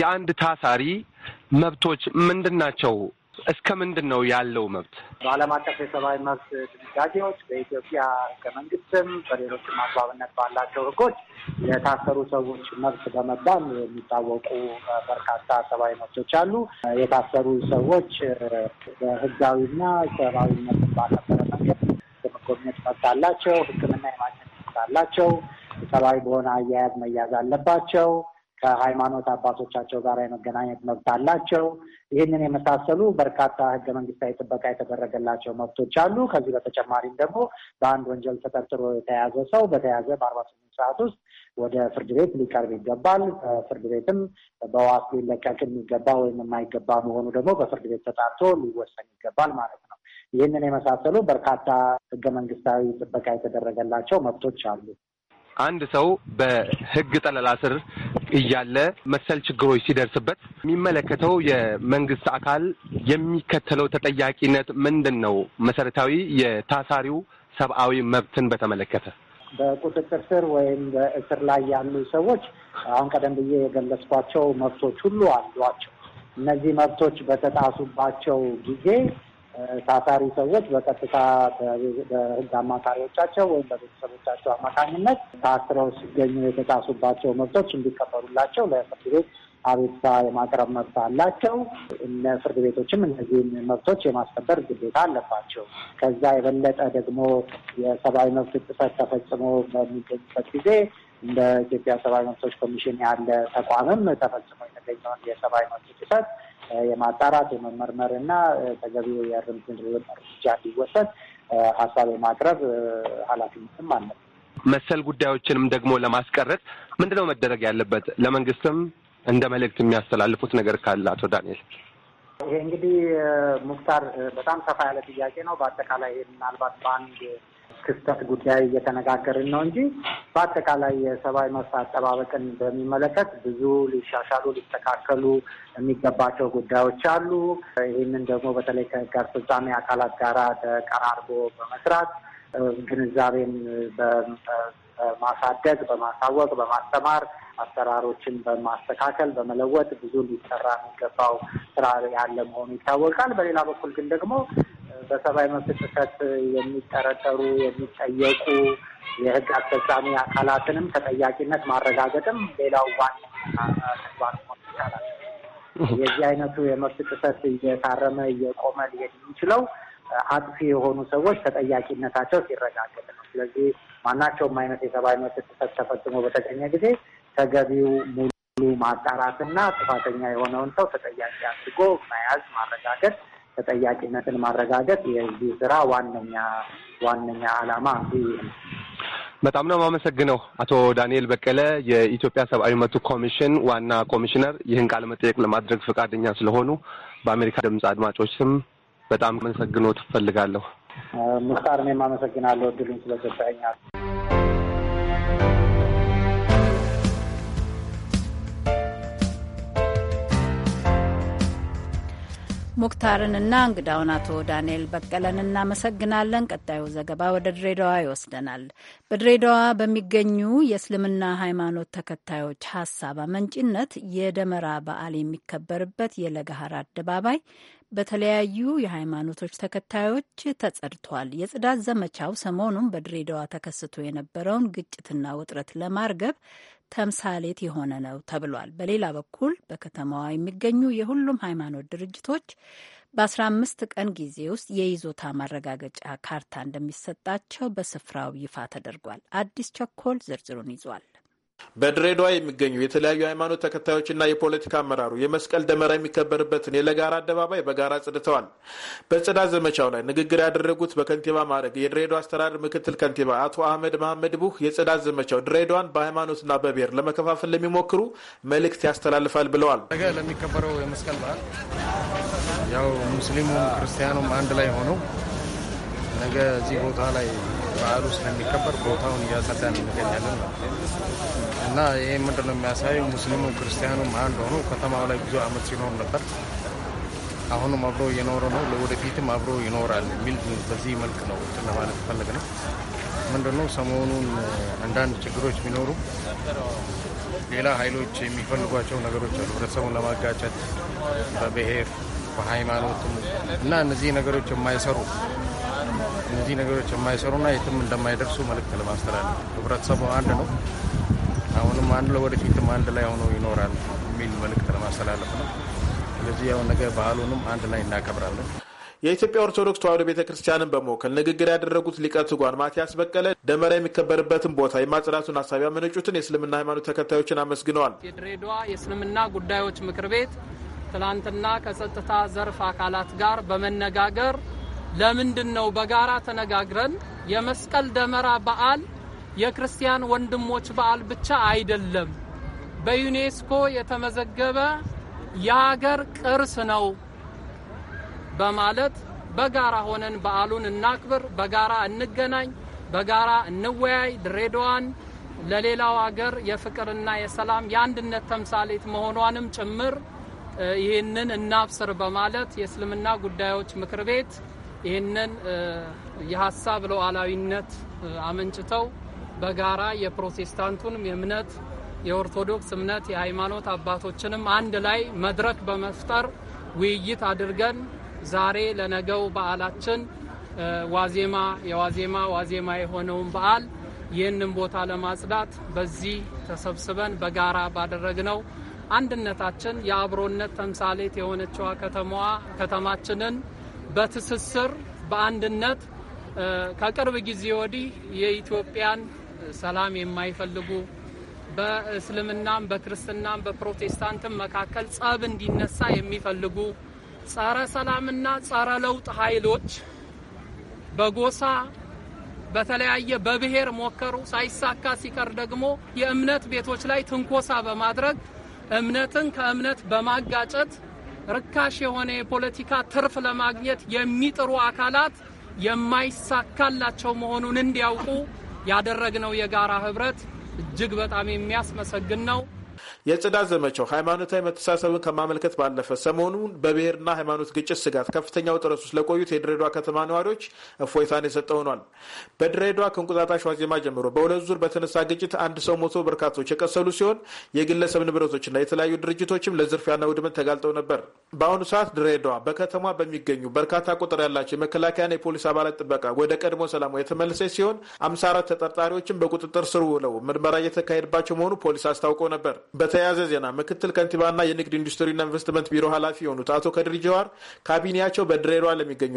የአንድ ታሳሪ መብቶች ምንድን ናቸው እስከ ምንድን ነው ያለው መብት? በዓለም አቀፍ የሰብአዊ መብት ድንጋጌዎች በኢትዮጵያ ህገ መንግስትም በሌሎችም አግባብነት ባላቸው ህጎች የታሰሩ ሰዎች መብት በመባል የሚታወቁ በርካታ ሰብአዊ መብቶች አሉ። የታሰሩ ሰዎች በህጋዊና ሰብአዊነት ባልነበረ መንገድ የመጎብኘት መብት አላቸው። ሕክምና የማግኘት መብት አላቸው። ሰብአዊ በሆነ አያያዝ መያዝ አለባቸው። ከሃይማኖት አባቶቻቸው ጋር የመገናኘት መብት አላቸው። ይህንን የመሳሰሉ በርካታ ህገ መንግስታዊ ጥበቃ የተደረገላቸው መብቶች አሉ። ከዚህ በተጨማሪም ደግሞ በአንድ ወንጀል ተጠርጥሮ የተያዘ ሰው በተያዘ በአርባ ስምንት ሰዓት ውስጥ ወደ ፍርድ ቤት ሊቀርብ ይገባል። ፍርድ ቤትም በዋስ ሊለቀቅ የሚገባ ወይም የማይገባ መሆኑ ደግሞ በፍርድ ቤት ተጣርቶ ሊወሰን ይገባል ማለት ነው። ይህንን የመሳሰሉ በርካታ ህገ መንግስታዊ ጥበቃ የተደረገላቸው መብቶች አሉ። አንድ ሰው በህግ ጠለላ ስር እያለ መሰል ችግሮች ሲደርስበት የሚመለከተው የመንግስት አካል የሚከተለው ተጠያቂነት ምንድን ነው? መሰረታዊ የታሳሪው ሰብአዊ መብትን በተመለከተ በቁጥጥር ስር ወይም በእስር ላይ ያሉ ሰዎች አሁን ቀደም ብዬ የገለጽኳቸው መብቶች ሁሉ አሏቸው። እነዚህ መብቶች በተጣሱባቸው ጊዜ ታሳሪ ሰዎች በቀጥታ በህግ አማካሪዎቻቸው ወይም በቤተሰቦቻቸው አማካኝነት ታስረው ሲገኙ የተጣሱባቸው መብቶች እንዲከበሩላቸው ለፍርድ ቤት አቤቱታ የማቅረብ መብት አላቸው። ፍርድ ቤቶችም እነዚህን መብቶች የማስከበር ግዴታ አለባቸው። ከዛ የበለጠ ደግሞ የሰብአዊ መብት ጥሰት ተፈጽሞ በሚገኝበት ጊዜ እንደ ኢትዮጵያ ሰብአዊ መብቶች ኮሚሽን ያለ ተቋምም ተፈጽሞ የተገኘውን የሰብአዊ መብት ጥሰት የማጣራት የመመርመር እና ተገቢ የእርምት እርምጃ እንዲወሰድ ሀሳብ የማቅረብ ኃላፊነትም አለን። መሰል ጉዳዮችንም ደግሞ ለማስቀረት ምንድነው መደረግ ያለበት? ለመንግስትም እንደ መልእክት የሚያስተላልፉት ነገር ካለ አቶ ዳንኤል። ይሄ እንግዲህ ሙክታር በጣም ሰፋ ያለ ጥያቄ ነው። በአጠቃላይ ምናልባት በአንድ ክስተት ጉዳይ እየተነጋገርን ነው እንጂ በአጠቃላይ የሰብአዊ መብት አጠባበቅን በሚመለከት ብዙ ሊሻሻሉ ሊስተካከሉ የሚገባቸው ጉዳዮች አሉ። ይህንን ደግሞ በተለይ ከህግ አስፈጻሚ አካላት ጋር ተቀራርቦ በመስራት ግንዛቤን በማሳደግ በማሳወቅ፣ በማስተማር አሰራሮችን በማስተካከል በመለወጥ ብዙ ሊሰራ የሚገባው ስራ ያለ መሆኑ ይታወቃል። በሌላ በኩል ግን ደግሞ በሰብአዊ መብት ጥሰት የሚጠረጠሩ የሚጠየቁ የህግ አስፈጻሚ አካላትንም ተጠያቂነት ማረጋገጥም ሌላው ዋና ተግባር መሆን ይቻላል። የዚህ አይነቱ የመብት ጥሰት እየታረመ እየቆመ ሊሄድ የሚችለው አጥፊ የሆኑ ሰዎች ተጠያቂነታቸው ሲረጋገጥ ነው። ስለዚህ ማናቸውም አይነት የሰብአዊ መብት ጥሰት ተፈጽሞ በተገኘ ጊዜ ተገቢው ሙሉ ማጣራትና ጥፋተኛ የሆነውን ሰው ተጠያቂ አድርጎ መያዝ ማረጋገጥ ተጠያቂነትን ማረጋገጥ የዚህ ስራ ዋነኛ ዋነኛ ዓላማ በጣም ነው የማመሰግነው። አቶ ዳንኤል በቀለ የኢትዮጵያ ሰብአዊ መብት ኮሚሽን ዋና ኮሚሽነር ይህን ቃለ መጠየቅ ለማድረግ ፈቃደኛ ስለሆኑ በአሜሪካ ድምፅ አድማጮች ስም በጣም መሰግኖ ትፈልጋለሁ። ሙስታር፣ እኔም አመሰግናለሁ እድሉን ስለሰጠኸኝ። ሙክታርንና እንግዳውን አቶ ዳንኤል በቀለን እናመሰግናለን። ቀጣዩ ዘገባ ወደ ድሬዳዋ ይወስደናል። በድሬዳዋ በሚገኙ የእስልምና ሃይማኖት ተከታዮች ሀሳብ አመንጭነት የደመራ በዓል የሚከበርበት የለገሃር አደባባይ በተለያዩ የሃይማኖቶች ተከታዮች ተጸድቷል። የጽዳት ዘመቻው ሰሞኑን በድሬዳዋ ተከስቶ የነበረውን ግጭትና ውጥረት ለማርገብ ተምሳሌት የሆነ ነው ተብሏል። በሌላ በኩል በከተማዋ የሚገኙ የሁሉም ሃይማኖት ድርጅቶች በ15 ቀን ጊዜ ውስጥ የይዞታ ማረጋገጫ ካርታ እንደሚሰጣቸው በስፍራው ይፋ ተደርጓል። አዲስ ቸኮል ዝርዝሩን ይዟል። በድሬዳዋ የሚገኙ የተለያዩ ሃይማኖት ተከታዮችና የፖለቲካ አመራሩ የመስቀል ደመራ የሚከበርበትን የለጋራ አደባባይ በጋራ ጽድተዋል። በጽዳት ዘመቻው ላይ ንግግር ያደረጉት በከንቲባ ማዕረግ የድሬዳዋ አስተዳደር ምክትል ከንቲባ አቶ አህመድ መሐመድ ቡህ የጽዳት ዘመቻው ድሬዳዋን በሃይማኖትና በብሔር ለመከፋፈል ለሚሞክሩ መልእክት ያስተላልፋል ብለዋል። ነገ ለሚከበረው የመስቀል በዓል ያው ሙስሊሙም ክርስቲያኑም አንድ ላይ ሆነው ነገ እዚህ ቦታ ላይ በዓሉ ስለሚከበር ቦታውን እያጸዳን እንገኛለን እና ይህ ምንድነው ነው የሚያሳየው? ሙስሊሙ ክርስቲያኑም አንድ ሆኖ ከተማው ላይ ብዙ አመት ሲኖር ነበር። አሁንም አብሮ እየኖረ ነው፣ ለወደፊትም አብሮ ይኖራል የሚል በዚህ መልክ ነው እንትን ለማለት ፈለግ ነው። ምንድነው ሰሞኑን አንዳንድ ችግሮች ቢኖሩ ሌላ ኃይሎች የሚፈልጓቸው ነገሮች አሉ፣ ህብረተሰቡን ለማጋጨት በብሔር በሃይማኖትም እና እነዚህ ነገሮች የማይሰሩ እነዚህ ነገሮች የማይሰሩና የትም እንደማይደርሱ መልእክት ለማስተላለፍ ህብረተሰቡ አንድ ነው። አሁንም አንድ ለወደፊትም አንድ ላይ ሆኖ ይኖራል የሚል መልእክት ለማስተላለፍ ነው። ስለዚህ ያው ነገ ባህሉንም አንድ ላይ እናከብራለን። የኢትዮጵያ ኦርቶዶክስ ተዋሕዶ ቤተ ክርስቲያንን በመወከል ንግግር ያደረጉት ሊቀ ትጓን ማቲያስ በቀለ ደመራ የሚከበርበትን ቦታ የማጽዳቱን ሀሳብ ያመነጩትን የእስልምና ሃይማኖት ተከታዮችን አመስግነዋል። የድሬዳዋ የእስልምና ጉዳዮች ምክር ቤት ትላንትና ከጸጥታ ዘርፍ አካላት ጋር በመነጋገር ለምንድን ነው በጋራ ተነጋግረን የመስቀል ደመራ በዓል የክርስቲያን ወንድሞች በዓል ብቻ አይደለም፣ በዩኔስኮ የተመዘገበ የሀገር ቅርስ ነው በማለት በጋራ ሆነን በዓሉን እናክብር፣ በጋራ እንገናኝ፣ በጋራ እንወያይ። ድሬዳዋን ለሌላው ሀገር የፍቅርና የሰላም የአንድነት ተምሳሌት መሆኗንም ጭምር ይህንን እናብስር በማለት የእስልምና ጉዳዮች ምክር ቤት ይህንን የሀሳብ ሉዓላዊነት አመንጭተው በጋራ የፕሮቴስታንቱንም የእምነት የኦርቶዶክስ እምነት የሃይማኖት አባቶችንም አንድ ላይ መድረክ በመፍጠር ውይይት አድርገን ዛሬ ለነገው በዓላችን ዋዜማ የዋዜማ ዋዜማ የሆነውን በዓል ይህንን ቦታ ለማጽዳት በዚህ ተሰብስበን በጋራ ባደረግነው አንድነታችን የአብሮነት ተምሳሌት የሆነችዋ ከተማዋ ከተማችንን በትስስር በአንድነት ከቅርብ ጊዜ ወዲህ የኢትዮጵያን ሰላም የማይፈልጉ በእስልምናም በክርስትናም በፕሮቴስታንትም መካከል ጸብ እንዲነሳ የሚፈልጉ ጸረ ሰላምና ጸረ ለውጥ ኃይሎች በጎሳ በተለያየ በብሔር ሞከሩ። ሳይሳካ ሲቀር ደግሞ የእምነት ቤቶች ላይ ትንኮሳ በማድረግ እምነትን ከእምነት በማጋጨት ርካሽ የሆነ የፖለቲካ ትርፍ ለማግኘት የሚጥሩ አካላት የማይሳካላቸው መሆኑን እንዲያውቁ ያደረግነው የጋራ ህብረት እጅግ በጣም የሚያስመሰግን ነው። የጽዳት ዘመቻው ሃይማኖታዊ መተሳሰብን ከማመልከት ባለፈ ሰሞኑን በብሔርና ሃይማኖት ግጭት ስጋት ከፍተኛ ጥረት ውስጥ ለቆዩት የድሬዷ ከተማ ነዋሪዎች እፎይታን የሰጠ ሆኗል። በድሬዳዋ ከእንቁጣጣሽ ዋዜማ ጀምሮ በሁለት ዙር በተነሳ ግጭት አንድ ሰው ሞቶ በርካቶች የቀሰሉ ሲሆን የግለሰብ ንብረቶችና የተለያዩ ድርጅቶችም ለዝርፊያና ውድመት ተጋልጠው ነበር። በአሁኑ ሰዓት ድሬዳዋ በከተማ በሚገኙ በርካታ ቁጥር ያላቸው የመከላከያና የፖሊስ አባላት ጥበቃ ወደ ቀድሞ ሰላሟ የተመለሰ ሲሆን አራት ተጠርጣሪዎችም በቁጥጥር ስር ውለው ምርመራ እየተካሄድባቸው መሆኑ ፖሊስ አስታውቆ ነበር። በተያያዘ ዜና ምክትል ከንቲባና የንግድ ኢንዱስትሪና ኢንቨስትመንት ቢሮ ኃላፊ የሆኑት አቶ ከድር ጀዋር ካቢኔያቸው በድሬዳዋ ለሚገኙ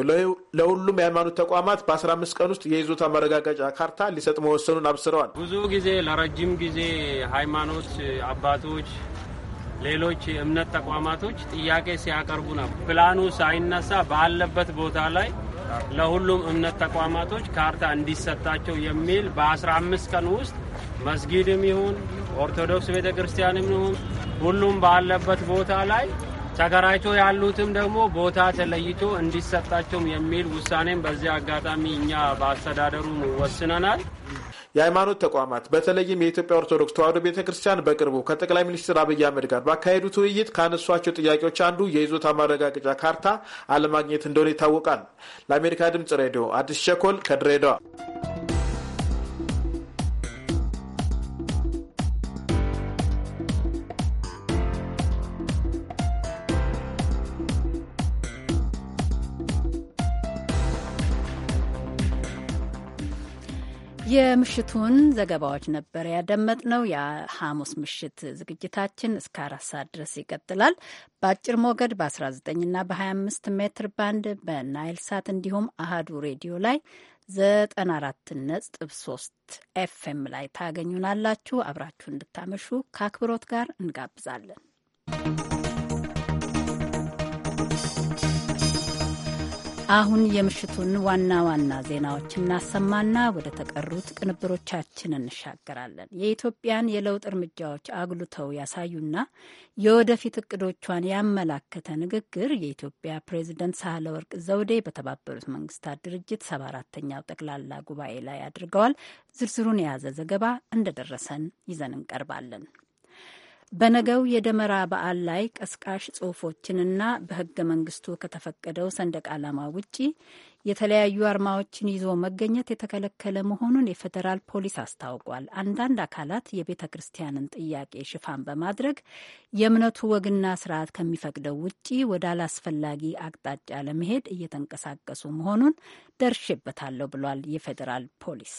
ለሁሉም የሃይማኖት ተቋማት በ15 ቀን ውስጥ የይዞታ ማረጋገጫ ካርታ ሊሰጥ መወሰኑን አብስረዋል። ብዙ ጊዜ ለረጅም ጊዜ ሃይማኖት አባቶች፣ ሌሎች እምነት ተቋማቶች ጥያቄ ሲያቀርቡ ነበር። ፕላኑ ሳይነሳ ባለበት ቦታ ላይ ለሁሉም እምነት ተቋማቶች ካርታ እንዲሰጣቸው የሚል በ15 ቀን ውስጥ መስጊድም ይሁን ኦርቶዶክስ ቤተ ክርስቲያንም ይሁን ሁሉም ባለበት ቦታ ላይ ተከራይቶ ያሉትም ደግሞ ቦታ ተለይቶ እንዲሰጣቸውም የሚል ውሳኔም በዚህ አጋጣሚ እኛ በአስተዳደሩ ወስነናል። የሃይማኖት ተቋማት በተለይም የኢትዮጵያ ኦርቶዶክስ ተዋሕዶ ቤተ ክርስቲያን በቅርቡ ከጠቅላይ ሚኒስትር አብይ አህመድ ጋር ባካሄዱት ውይይት ካነሷቸው ጥያቄዎች አንዱ የይዞታ ማረጋገጫ ካርታ አለማግኘት እንደሆነ ይታወቃል። ለአሜሪካ ድምጽ ሬዲዮ አዲስ ሸኮል ከድሬዳዋ የምሽቱን ዘገባዎች ነበር ያደመጥነው። የሐሙስ ምሽት ዝግጅታችን እስከ አራት ሰዓት ድረስ ይቀጥላል። በአጭር ሞገድ በ19ና በ25 ሜትር ባንድ በናይል ሳት እንዲሁም አሃዱ ሬዲዮ ላይ 94 ነጥብ 3 ኤፍኤም ላይ ታገኙናላችሁ። አብራችሁ እንድታመሹ ከአክብሮት ጋር እንጋብዛለን። አሁን የምሽቱን ዋና ዋና ዜናዎች እናሰማና ወደ ተቀሩት ቅንብሮቻችን እንሻገራለን። የኢትዮጵያን የለውጥ እርምጃዎች አጉልተው ያሳዩና የወደፊት እቅዶቿን ያመላከተ ንግግር የኢትዮጵያ ፕሬዚደንት ሳህለወርቅ ዘውዴ በተባበሩት መንግስታት ድርጅት ሰባ አራተኛው ጠቅላላ ጉባኤ ላይ አድርገዋል። ዝርዝሩን የያዘ ዘገባ እንደደረሰን ይዘን እንቀርባለን። በነገው የደመራ በዓል ላይ ቀስቃሽ ጽሁፎችንና በህገ መንግስቱ ከተፈቀደው ሰንደቅ ዓላማ ውጪ የተለያዩ አርማዎችን ይዞ መገኘት የተከለከለ መሆኑን የፌዴራል ፖሊስ አስታውቋል። አንዳንድ አካላት የቤተ ክርስቲያንን ጥያቄ ሽፋን በማድረግ የእምነቱ ወግና ስርዓት ከሚፈቅደው ውጪ ወደ አላስፈላጊ አቅጣጫ ለመሄድ እየተንቀሳቀሱ መሆኑን ደርሼበታለሁ ብሏል የፌዴራል ፖሊስ።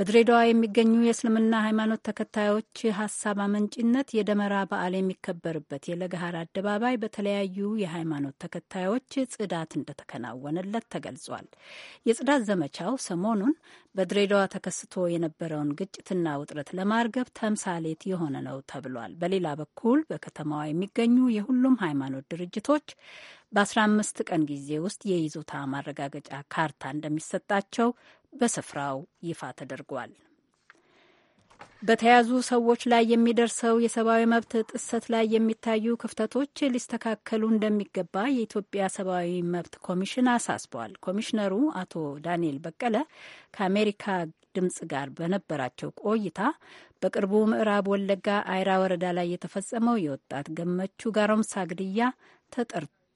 በድሬዳዋ የሚገኙ የእስልምና ሃይማኖት ተከታዮች ሀሳብ አመንጭነት የደመራ በዓል የሚከበርበት የለገሃር አደባባይ በተለያዩ የሃይማኖት ተከታዮች ጽዳት እንደተከናወነለት ተገልጿል። የጽዳት ዘመቻው ሰሞኑን በድሬዳዋ ተከስቶ የነበረውን ግጭትና ውጥረት ለማርገብ ተምሳሌት የሆነ ነው ተብሏል። በሌላ በኩል በከተማዋ የሚገኙ የሁሉም ሃይማኖት ድርጅቶች በ15 ቀን ጊዜ ውስጥ የይዞታ ማረጋገጫ ካርታ እንደሚሰጣቸው በስፍራው ይፋ ተደርጓል። በተያዙ ሰዎች ላይ የሚደርሰው የሰብአዊ መብት ጥሰት ላይ የሚታዩ ክፍተቶች ሊስተካከሉ እንደሚገባ የኢትዮጵያ ሰብአዊ መብት ኮሚሽን አሳስቧል። ኮሚሽነሩ አቶ ዳንኤል በቀለ ከአሜሪካ ድምጽ ጋር በነበራቸው ቆይታ በቅርቡ ምዕራብ ወለጋ አይራ ወረዳ ላይ የተፈጸመው የወጣት ገመቹ ጋሮምሳ ግድያ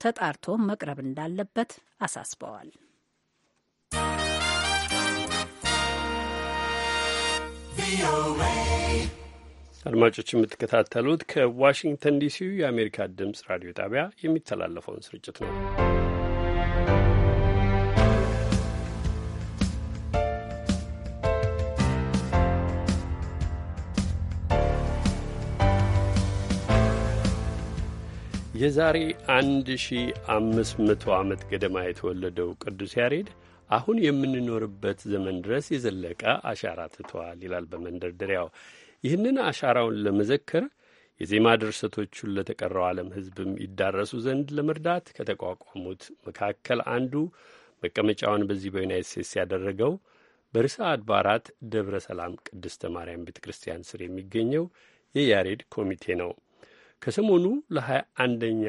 ተጣርቶ መቅረብ እንዳለበት አሳስበዋል። አድማጮች የምትከታተሉት ከዋሽንግተን ዲሲው የአሜሪካ ድምፅ ራዲዮ ጣቢያ የሚተላለፈውን ስርጭት ነው። የዛሬ 1500 ዓመት ገደማ የተወለደው ቅዱስ ያሬድ አሁን የምንኖርበት ዘመን ድረስ የዘለቀ አሻራ ትተዋል ይላል በመንደርደሪያው። ይህንን አሻራውን ለመዘከር የዜማ ድርሰቶቹን ለተቀረው ዓለም ሕዝብም ይዳረሱ ዘንድ ለመርዳት ከተቋቋሙት መካከል አንዱ መቀመጫውን በዚህ በዩናይት ስቴትስ ያደረገው በርዕሰ አድባራት ደብረ ሰላም ቅድስተ ማርያም ቤተ ክርስቲያን ስር የሚገኘው የያሬድ ኮሚቴ ነው። ከሰሞኑ ለሀያ አንደኛ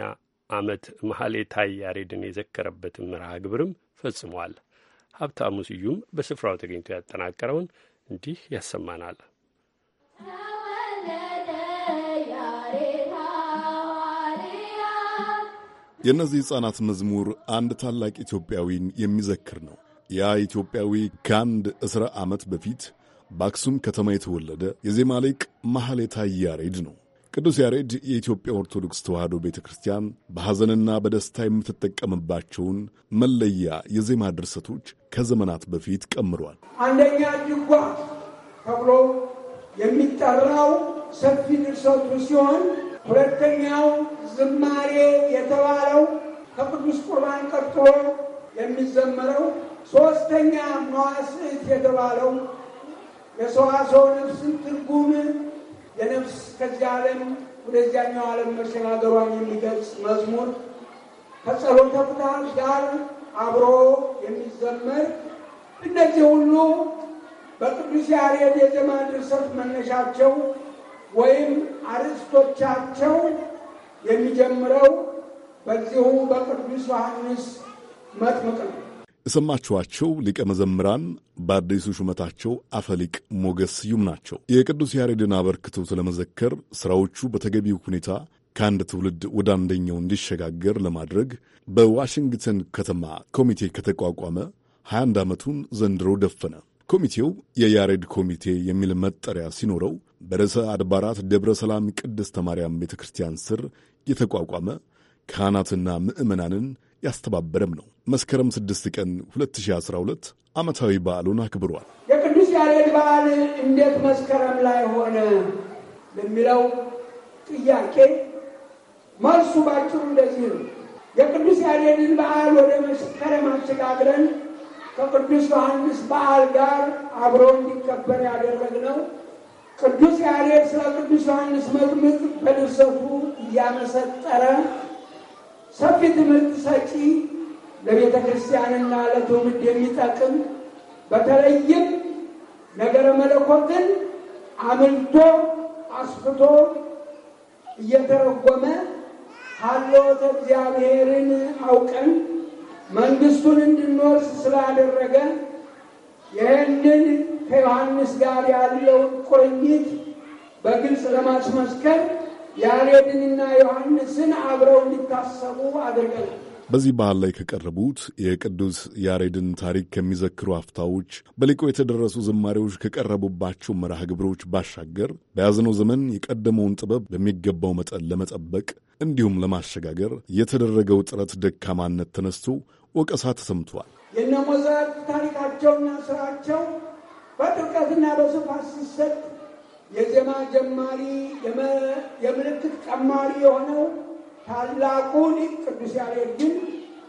ዓመት መሐሌታይ ያሬድን የዘከረበትን መርሃ ግብርም ፈጽሟል። ሀብታሙ ስዩም በስፍራው ተገኝቶ ያጠናቀረውን እንዲህ ያሰማናል። የእነዚህ ሕፃናት መዝሙር አንድ ታላቅ ኢትዮጵያዊን የሚዘክር ነው። ያ ኢትዮጵያዊ ከአንድ እስረ ዓመት በፊት በአክሱም ከተማ የተወለደ የዜማ ሊቅ ማህሌታ ያሬድ ነው። ቅዱስ ያሬድ የኢትዮጵያ ኦርቶዶክስ ተዋሕዶ ቤተ ክርስቲያን በሐዘንና በደስታ የምትጠቀምባቸውን መለያ የዜማ ድርሰቶች ከዘመናት በፊት ቀምሯል። አንደኛ ድጓ ተብሎ የሚጠራው ሰፊ ድርሰቱ ሲሆን ሁለተኛው ዝማሬ የተባለው ከቅዱስ ቁርባን ቀጥሎ የሚዘመረው፣ ሦስተኛ መዋሥዕት የተባለው የሰዋሰው ነፍስን ትርጉም የነፍስ ከዚህ ዓለም ወደዚያኛው ዓለም መሸጋገሯን የሚገልጽ መዝሙር ከጸሎተ ፍትሐት ጋር አብሮ የሚዘመር እነዚህ ሁሉ በቅዱስ ያሬድ የዘማን ድርሰት መነሻቸው ወይም አርዕስቶቻቸው የሚጀምረው በዚሁ በቅዱስ ዮሐንስ መጥምቅ ነው። የሰማችኋቸው ሊቀ መዘምራን በአዲሱ ሹመታቸው አፈሊቅ ሞገስ ስዩም ናቸው። የቅዱስ ያሬድን አበርክቶ ስለመዘከር ሥራዎቹ በተገቢው ሁኔታ ከአንድ ትውልድ ወደ አንደኛው እንዲሸጋገር ለማድረግ በዋሽንግተን ከተማ ኮሚቴ ከተቋቋመ 21 ዓመቱን ዘንድሮ ደፈነ። ኮሚቴው የያሬድ ኮሚቴ የሚል መጠሪያ ሲኖረው በርዕሰ አድባራት ደብረ ሰላም ቅድስተ ማርያም ቤተ ክርስቲያን ስር የተቋቋመ ካህናትና ምዕመናንን ያስተባበረም ነው። መስከረም 6 ቀን 2012 ዓመታዊ በዓሉን አክብሯል። የቅዱስ ያሬድ በዓል እንዴት መስከረም ላይ ሆነ ለሚለው ጥያቄ መልሱ ባጭሩ እንደዚህ ነው። የቅዱስ ያሬድን በዓል ወደ መስከረም አሸጋግረን ከቅዱስ ዮሐንስ በዓል ጋር አብሮ እንዲከበር ያደረግነው ቅዱስ ያሬድ ስለ ቅዱስ ዮሐንስ መጥምቅ በድርሰቱ እያመሰጠረ ሰፊ ትምህርት ሰጪ ለቤተ ክርስቲያንና ለትውልድ የሚጠቅም በተለይም ነገረ መለኮትን አምልቶ አስፍቶ እየተረጎመ ሀልዎተ እግዚአብሔርን አውቀን መንግስቱን እንድንወርስ ስላደረገ ይህንን ከዮሐንስ ጋር ያለውን ቁርኝት በግልጽ ለማስመስከር ያሬድንና ዮሐንስን አብረው እንዲታሰቡ አድርገናል። በዚህ ባህል ላይ ከቀረቡት የቅዱስ ያሬድን ታሪክ ከሚዘክሩ አፍታዎች በሊቆ የተደረሱ ዝማሬዎች ከቀረቡባቸው መርሃ ግብሮች ባሻገር በያዝነው ዘመን የቀደመውን ጥበብ በሚገባው መጠን ለመጠበቅ እንዲሁም ለማሸጋገር የተደረገው ጥረት ደካማነት ተነስቶ ወቀሳ ተሰምቷል። የነ ሞዛርት ታሪካቸውና ስራቸው በጥልቀትና በስፋት ሲሰጥ የዜማ ጀማሪ የምልክት ጨማሪ የሆነው ታላቁ ሊቅ ቅዱስ ያሬድ ግን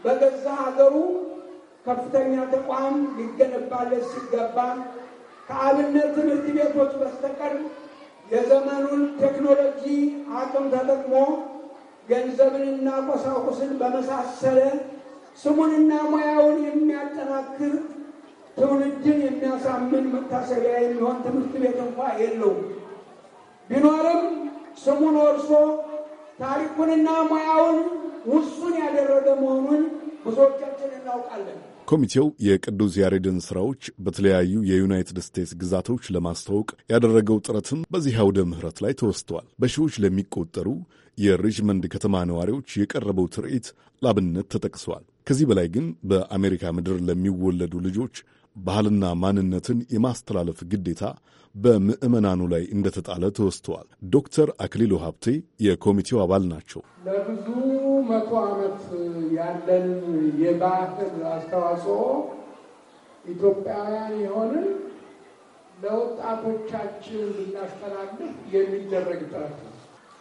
በገዛ ሀገሩ ከፍተኛ ተቋም ሊገነባለት ሲገባ ከአብነት ትምህርት ቤቶች በስተቀር የዘመኑን ቴክኖሎጂ አቅም ተጠቅሞ ገንዘብንና ቁሳቁስን በመሳሰለ ስሙንና ሙያውን የሚያጠናክር ትውልድን የሚያሳምን መታሰቢያ የሚሆን ትምህርት ቤት እንኳ የለውም። ቢኖርም ስሙን ወርሶ ታሪኩንና ሙያውን ውሱን ያደረገ መሆኑን ብዙዎቻችን እናውቃለን። ኮሚቴው የቅዱስ ያሬድን ስራዎች በተለያዩ የዩናይትድ ስቴትስ ግዛቶች ለማስተዋወቅ ያደረገው ጥረትም በዚህ አውደ ምህረት ላይ ተወስቷል። በሺዎች ለሚቆጠሩ የሪችመንድ ከተማ ነዋሪዎች የቀረበው ትርኢት ላብነት ተጠቅሷል። ከዚህ በላይ ግን በአሜሪካ ምድር ለሚወለዱ ልጆች ባህልና ማንነትን የማስተላለፍ ግዴታ በምዕመናኑ ላይ እንደተጣለ ተወስተዋል። ዶክተር አክሊሉ ሀብቴ የኮሚቴው አባል ናቸው። ለብዙ መቶ ዓመት ያለን የባህል አስተዋጽኦ ኢትዮጵያውያን የሆንን ለወጣቶቻችን ልናስተላልፍ የሚደረግ ጥረት ነው።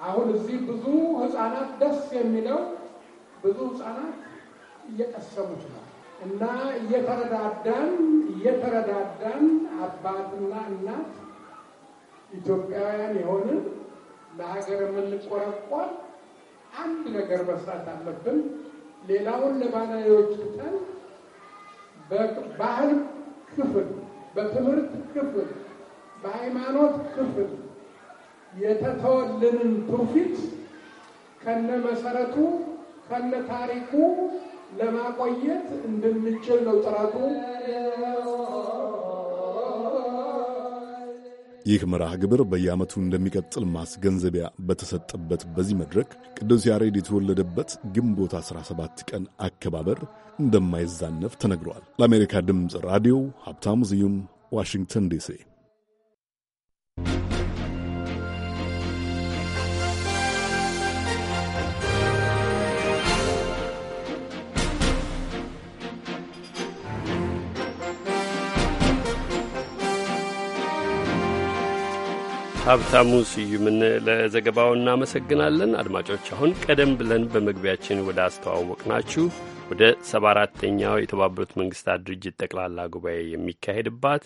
አሁን እዚህ ብዙ ህፃናት ደስ የሚለው ብዙ ህፃናት እየቀሰሙት ነው እና እየተረዳዳን እየተረዳዳን አባትና እናት ኢትዮጵያውያን የሆንን ለሀገር የምንቆረቋር አንድ ነገር መስራት አለብን። ሌላውን ለባናዎች ትተን በባህል ክፍል፣ በትምህርት ክፍል፣ በሃይማኖት ክፍል የተተወልንን ትውፊት ከነ መሰረቱ ከነ ታሪኩ ለማቆየት እንድንችል ነው ጥረቱ። ይህ መርሃ ግብር በየዓመቱ እንደሚቀጥል ማስገንዘቢያ በተሰጠበት በዚህ መድረክ ቅዱስ ያሬድ የተወለደበት ግንቦት 17 ቀን አከባበር እንደማይዛነፍ ተነግሯል። ለአሜሪካ ድምፅ ራዲዮ ሀብታሙ ዝዩም ዋሽንግተን ዲሲ ሀብታሙ ስዩምን ለዘገባው እናመሰግናለን። አድማጮች አሁን ቀደም ብለን በመግቢያችን ወደ አስተዋወቅ ናችሁ ወደ ሰባ አራተኛው የተባበሩት መንግስታት ድርጅት ጠቅላላ ጉባኤ የሚካሄድባት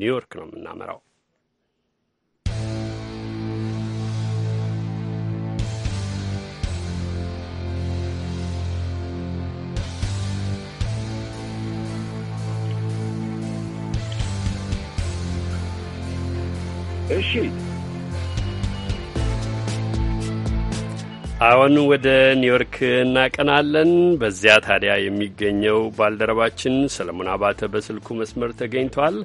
ኒውዮርክ ነው የምናመራው። እሺ አሁን ወደ ኒውዮርክ እናቀናለን። በዚያ ታዲያ የሚገኘው ባልደረባችን ሰለሞን አባተ በስልኩ መስመር ተገኝቷል።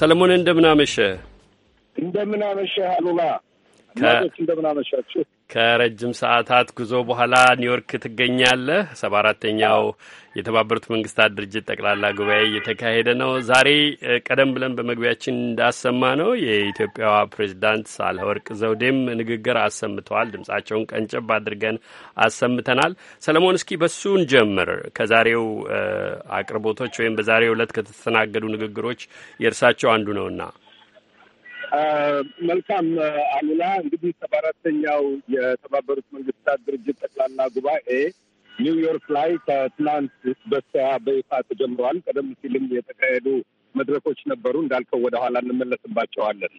ሰለሞን እንደምናመሸ እንደምናመሸ አሉላ እንደምናመሻችሁ ከረጅም ሰዓታት ጉዞ በኋላ ኒውዮርክ ትገኛለህ። ሰባ አራተኛው የተባበሩት መንግስታት ድርጅት ጠቅላላ ጉባኤ እየተካሄደ ነው። ዛሬ ቀደም ብለን በመግቢያችን እንዳሰማ ነው የኢትዮጵያዋ ፕሬዚዳንት ሳህለወርቅ ዘውዴም ንግግር አሰምተዋል። ድምጻቸውን ቀንጨብ አድርገን አሰምተናል። ሰለሞን፣ እስኪ በሱን ጀምር ከዛሬው አቅርቦቶች ወይም በዛሬው ዕለት ከተስተናገዱ ንግግሮች የእርሳቸው አንዱ ነውና። መልካም አሉላ። እንግዲህ ሰባ አራተኛው የተባበሩት መንግስታት ድርጅት ጠቅላላ ጉባኤ ኒውዮርክ ላይ ከትናንት በስቲያ በይፋ ተጀምረዋል። ቀደም ሲልም የተካሄዱ መድረኮች ነበሩ እንዳልከው ወደኋላ እንመለስባቸዋለን።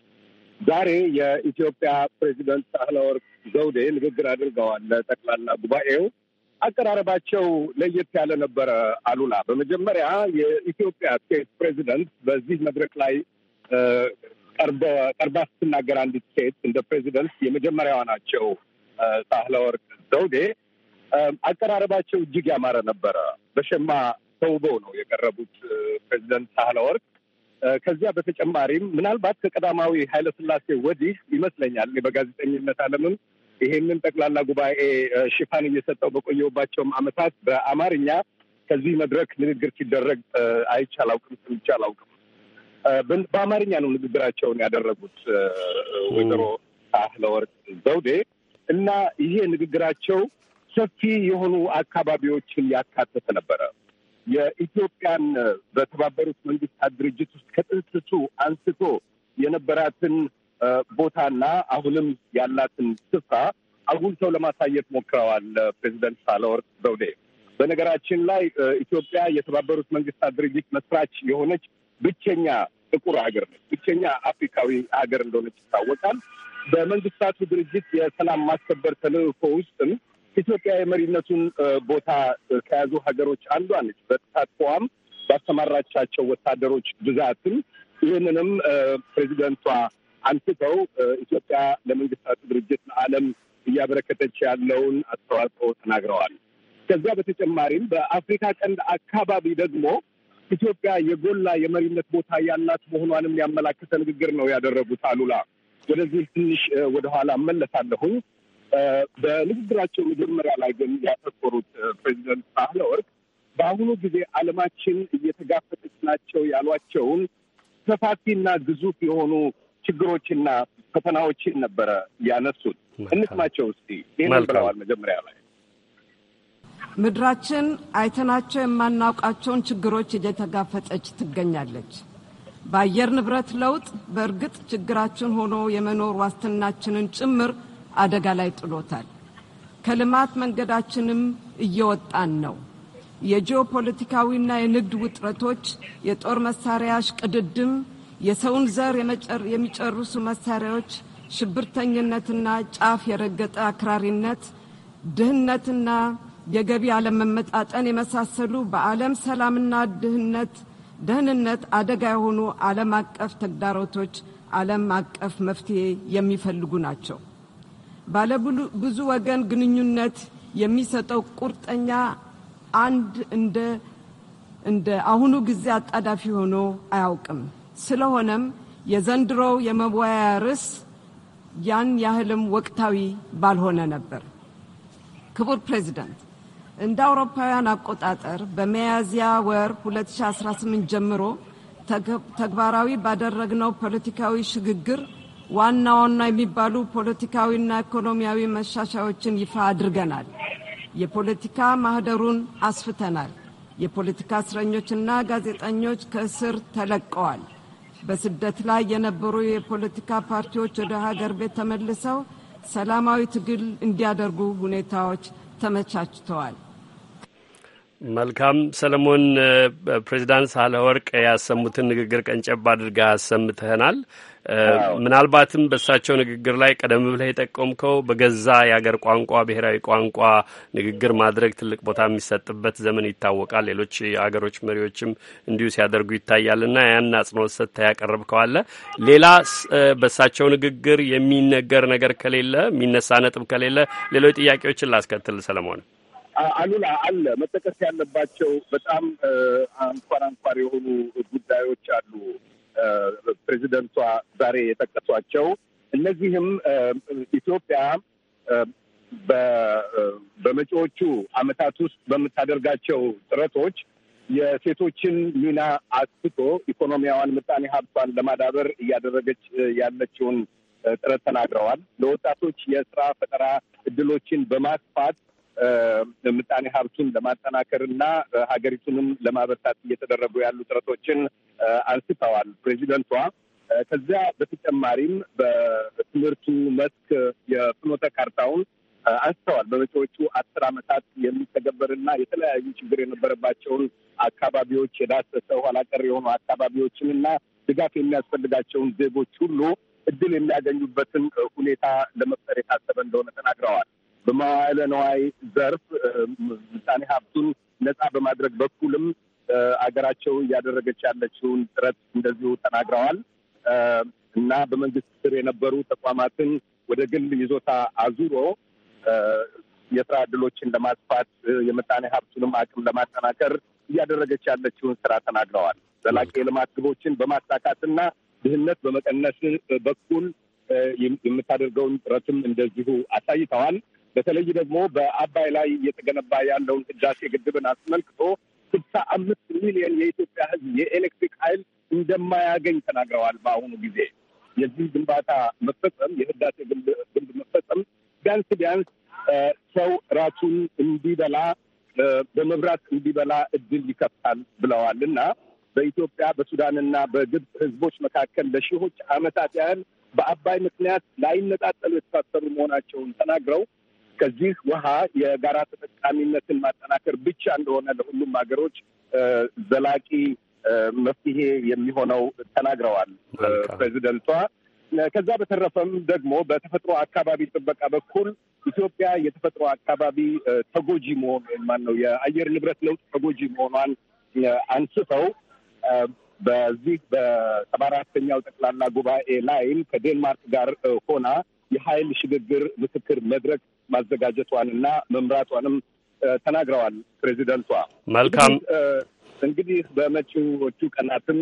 ዛሬ የኢትዮጵያ ፕሬዚደንት ሳህለወርቅ ዘውዴ ንግግር አድርገዋል ለጠቅላላ ጉባኤው። አቀራረባቸው ለየት ያለ ነበረ። አሉላ በመጀመሪያ የኢትዮጵያ ስቴት ፕሬዚደንት በዚህ መድረክ ላይ ቀርባ ስትናገር አንዲት ሴት እንደ ፕሬዚደንት የመጀመሪያዋ ናቸው ሳህለወርቅ ዘውዴ አቀራረባቸው እጅግ ያማረ ነበረ። በሸማ ተውበው ነው የቀረቡት ፕሬዚደንት ሳህለወርቅ። ከዚያ በተጨማሪም ምናልባት ከቀዳማዊ ኃይለስላሴ ወዲህ ይመስለኛል በጋዜጠኝነት ዓለምም ይሄንን ጠቅላላ ጉባኤ ሽፋን እየሰጠው በቆየውባቸውም ዓመታት በአማርኛ ከዚህ መድረክ ንግግር ሲደረግ አይቼ አላውቅም፣ ሰምቼ አላውቅም። በአማርኛ ነው ንግግራቸውን ያደረጉት ወይዘሮ ወርቅ ዘውዴ እና ይሄ ንግግራቸው ሰፊ የሆኑ አካባቢዎችን ያካተተ ነበረ። የኢትዮጵያን በተባበሩት መንግስታት ድርጅት ውስጥ ከጥንስሱ አንስቶ የነበራትን ቦታና አሁንም ያላትን ስፍራ አጉልተው ለማሳየት ሞክረዋል ፕሬዚደንት ሳህለወርቅ ዘውዴ። በነገራችን ላይ ኢትዮጵያ የተባበሩት መንግስታት ድርጅት መስራች የሆነች ብቸኛ ጥቁር ሀገር ነች። ብቸኛ አፍሪካዊ ሀገር እንደሆነች ይታወቃል። በመንግስታቱ ድርጅት የሰላም ማስከበር ተልእኮ ውስጥም ኢትዮጵያ የመሪነቱን ቦታ ከያዙ ሀገሮች አንዷ ነች። በተሳትፎዋም ባሰማራቻቸው ወታደሮች ብዛትም ይህንንም ፕሬዚደንቷ አንስተው ኢትዮጵያ ለመንግስታቱ ድርጅት ለዓለም እያበረከተች ያለውን አስተዋጽኦ ተናግረዋል። ከዚያ በተጨማሪም በአፍሪካ ቀንድ አካባቢ ደግሞ ኢትዮጵያ የጎላ የመሪነት ቦታ ያላት መሆኗንም ያመላከተ ንግግር ነው ያደረጉት። አሉላ ወደዚህ ትንሽ ወደኋላ እመለሳለሁኝ። በንግግራቸው መጀመሪያ ላይ ግን ያተኮሩት ፕሬዚደንት ወርቅ በአሁኑ ጊዜ ዓለማችን እየተጋፈጠች ናቸው ያሏቸውን ሰፋፊና ግዙፍ የሆኑ ችግሮችና ፈተናዎችን ነበረ ያነሱት። እንስማቸው እስቲ ይህን ብለዋል። መጀመሪያ ላይ ምድራችን አይተናቸው የማናውቃቸውን ችግሮች እየተጋፈጠች ትገኛለች። በአየር ንብረት ለውጥ በእርግጥ ችግራችን ሆኖ የመኖር ዋስትናችንን ጭምር አደጋ ላይ ጥሎታል። ከልማት መንገዳችንም እየወጣን ነው። የጂኦፖለቲካዊና የንግድ ውጥረቶች፣ የጦር መሳሪያ ሽቅድድም፣ የሰውን ዘር የሚጨርሱ መሳሪያዎች፣ ሽብርተኝነትና ጫፍ የረገጠ አክራሪነት፣ ድህነትና የገቢ አለመመጣጠን የመሳሰሉ በዓለም ሰላምና ድህነት ደህንነት አደጋ የሆኑ ዓለም አቀፍ ተግዳሮቶች ዓለም አቀፍ መፍትሄ የሚፈልጉ ናቸው። ባለብዙ ወገን ግንኙነት የሚሰጠው ቁርጠኛ አንድ እንደ እንደ አሁኑ ጊዜ አጣዳፊ ሆኖ አያውቅም። ስለሆነም የዘንድሮው የመወያያ ርዕስ ያን ያህልም ወቅታዊ ባልሆነ ነበር። ክቡር ፕሬዚዳንት፣ እንደ አውሮፓውያን አቆጣጠር በሚያዝያ ወር 2018 ጀምሮ ተግባራዊ ባደረግነው ፖለቲካዊ ሽግግር ዋና ዋና የሚባሉ ፖለቲካዊና ኢኮኖሚያዊ መሻሻዮችን ይፋ አድርገናል። የፖለቲካ ማህደሩን አስፍተናል። የፖለቲካ እስረኞችና ጋዜጠኞች ከእስር ተለቀዋል። በስደት ላይ የነበሩ የፖለቲካ ፓርቲዎች ወደ ሀገር ቤት ተመልሰው ሰላማዊ ትግል እንዲያደርጉ ሁኔታዎች ተመቻችተዋል። መልካም ሰለሞን፣ ፕሬዚዳንት ሳህለወርቅ ያሰሙትን ንግግር ቀንጨብ አድርጋ አሰምተናል። ምናልባትም በእሳቸው ንግግር ላይ ቀደም ብለህ የጠቆምከው በገዛ የአገር ቋንቋ ብሔራዊ ቋንቋ ንግግር ማድረግ ትልቅ ቦታ የሚሰጥበት ዘመን ይታወቃል። ሌሎች አገሮች መሪዎችም እንዲሁ ሲያደርጉ ይታያልና ያን አጽንኦት ሰጥተህ ያቀረብከው ሌላ በእሳቸው ንግግር የሚነገር ነገር ከሌለ የሚነሳ ነጥብ ከሌለ ሌሎች ጥያቄዎችን ላስከትል ሰለሞን። አሉላ አለ መጠቀስ ያለባቸው በጣም አንኳር አንኳር የሆኑ ጉዳዮች አሉ። ፕሬዚደንቷ ዛሬ የጠቀሷቸው እነዚህም ኢትዮጵያ በመጪዎቹ ዓመታት ውስጥ በምታደርጋቸው ጥረቶች የሴቶችን ሚና አስፍቶ ኢኮኖሚያዋን፣ ምጣኔ ሀብቷን ለማዳበር እያደረገች ያለችውን ጥረት ተናግረዋል። ለወጣቶች የስራ ፈጠራ እድሎችን በማስፋት ምጣኔ ሀብቱን ለማጠናከር እና ሀገሪቱንም ለማበርታት እየተደረጉ ያሉ ጥረቶችን አንስተዋል ፕሬዚደንቷ። ከዚያ በተጨማሪም በትምህርቱ መስክ የፍኖተ ካርታውን አንስተዋል። በመጪዎቹ አስር ዓመታት የሚተገበርና የተለያዩ ችግር የነበረባቸውን አካባቢዎች የዳሰሰ ኋላ ቀር የሆኑ አካባቢዎችን እና ድጋፍ የሚያስፈልጋቸውን ዜጎች ሁሉ እድል የሚያገኙበትን ሁኔታ ለመፍጠር የታሰበ እንደሆነ ተናግረዋል። በመዋዕለ ነዋይ ዘርፍ ምጣኔ ሀብቱን ነጻ በማድረግ በኩልም አገራቸው እያደረገች ያለችውን ጥረት እንደዚሁ ተናግረዋል እና በመንግስት ስር የነበሩ ተቋማትን ወደ ግል ይዞታ አዙሮ የስራ ዕድሎችን ለማስፋት የምጣኔ ሀብቱንም አቅም ለማጠናከር እያደረገች ያለችውን ስራ ተናግረዋል። ዘላቂ የልማት ግቦችን በማሳካትና ድህነት በመቀነስ በኩል የምታደርገውን ጥረትም እንደዚሁ አሳይተዋል። በተለይ ደግሞ በአባይ ላይ እየተገነባ ያለውን ህዳሴ ግድብን አስመልክቶ ስልሳ አምስት ሚሊዮን የኢትዮጵያ ህዝብ የኤሌክትሪክ ኃይል እንደማያገኝ ተናግረዋል። በአሁኑ ጊዜ የዚህ ግንባታ መፈጸም የህዳሴ ግንብ መፈጸም ቢያንስ ቢያንስ ሰው ራሱን እንዲበላ በመብራት እንዲበላ እድል ይከፍታል ብለዋል እና በኢትዮጵያ በሱዳንና በግብፅ ህዝቦች መካከል ለሺዎች ዓመታት ያህል በአባይ ምክንያት ላይነጣጠሉ የተሳሰሩ መሆናቸውን ተናግረው ከዚህ ውሃ የጋራ ተጠቃሚነትን ማጠናከር ብቻ እንደሆነ ለሁሉም ሀገሮች ዘላቂ መፍትሄ የሚሆነው ተናግረዋል ፕሬዚደንቷ። ከዛ በተረፈም ደግሞ በተፈጥሮ አካባቢ ጥበቃ በኩል ኢትዮጵያ የተፈጥሮ አካባቢ ተጎጂ መሆኗን ማን ነው የአየር ንብረት ለውጥ ተጎጂ መሆኗን አንስተው በዚህ በሰባ አራተኛው ጠቅላላ ጉባኤ ላይም ከዴንማርክ ጋር ሆና የኃይል ሽግግር ምክክር መድረክ ማዘጋጀቷንና መምራቷንም ተናግረዋል ፕሬዚደንቷ። መልካም እንግዲህ በመጪዎቹ ቀናትም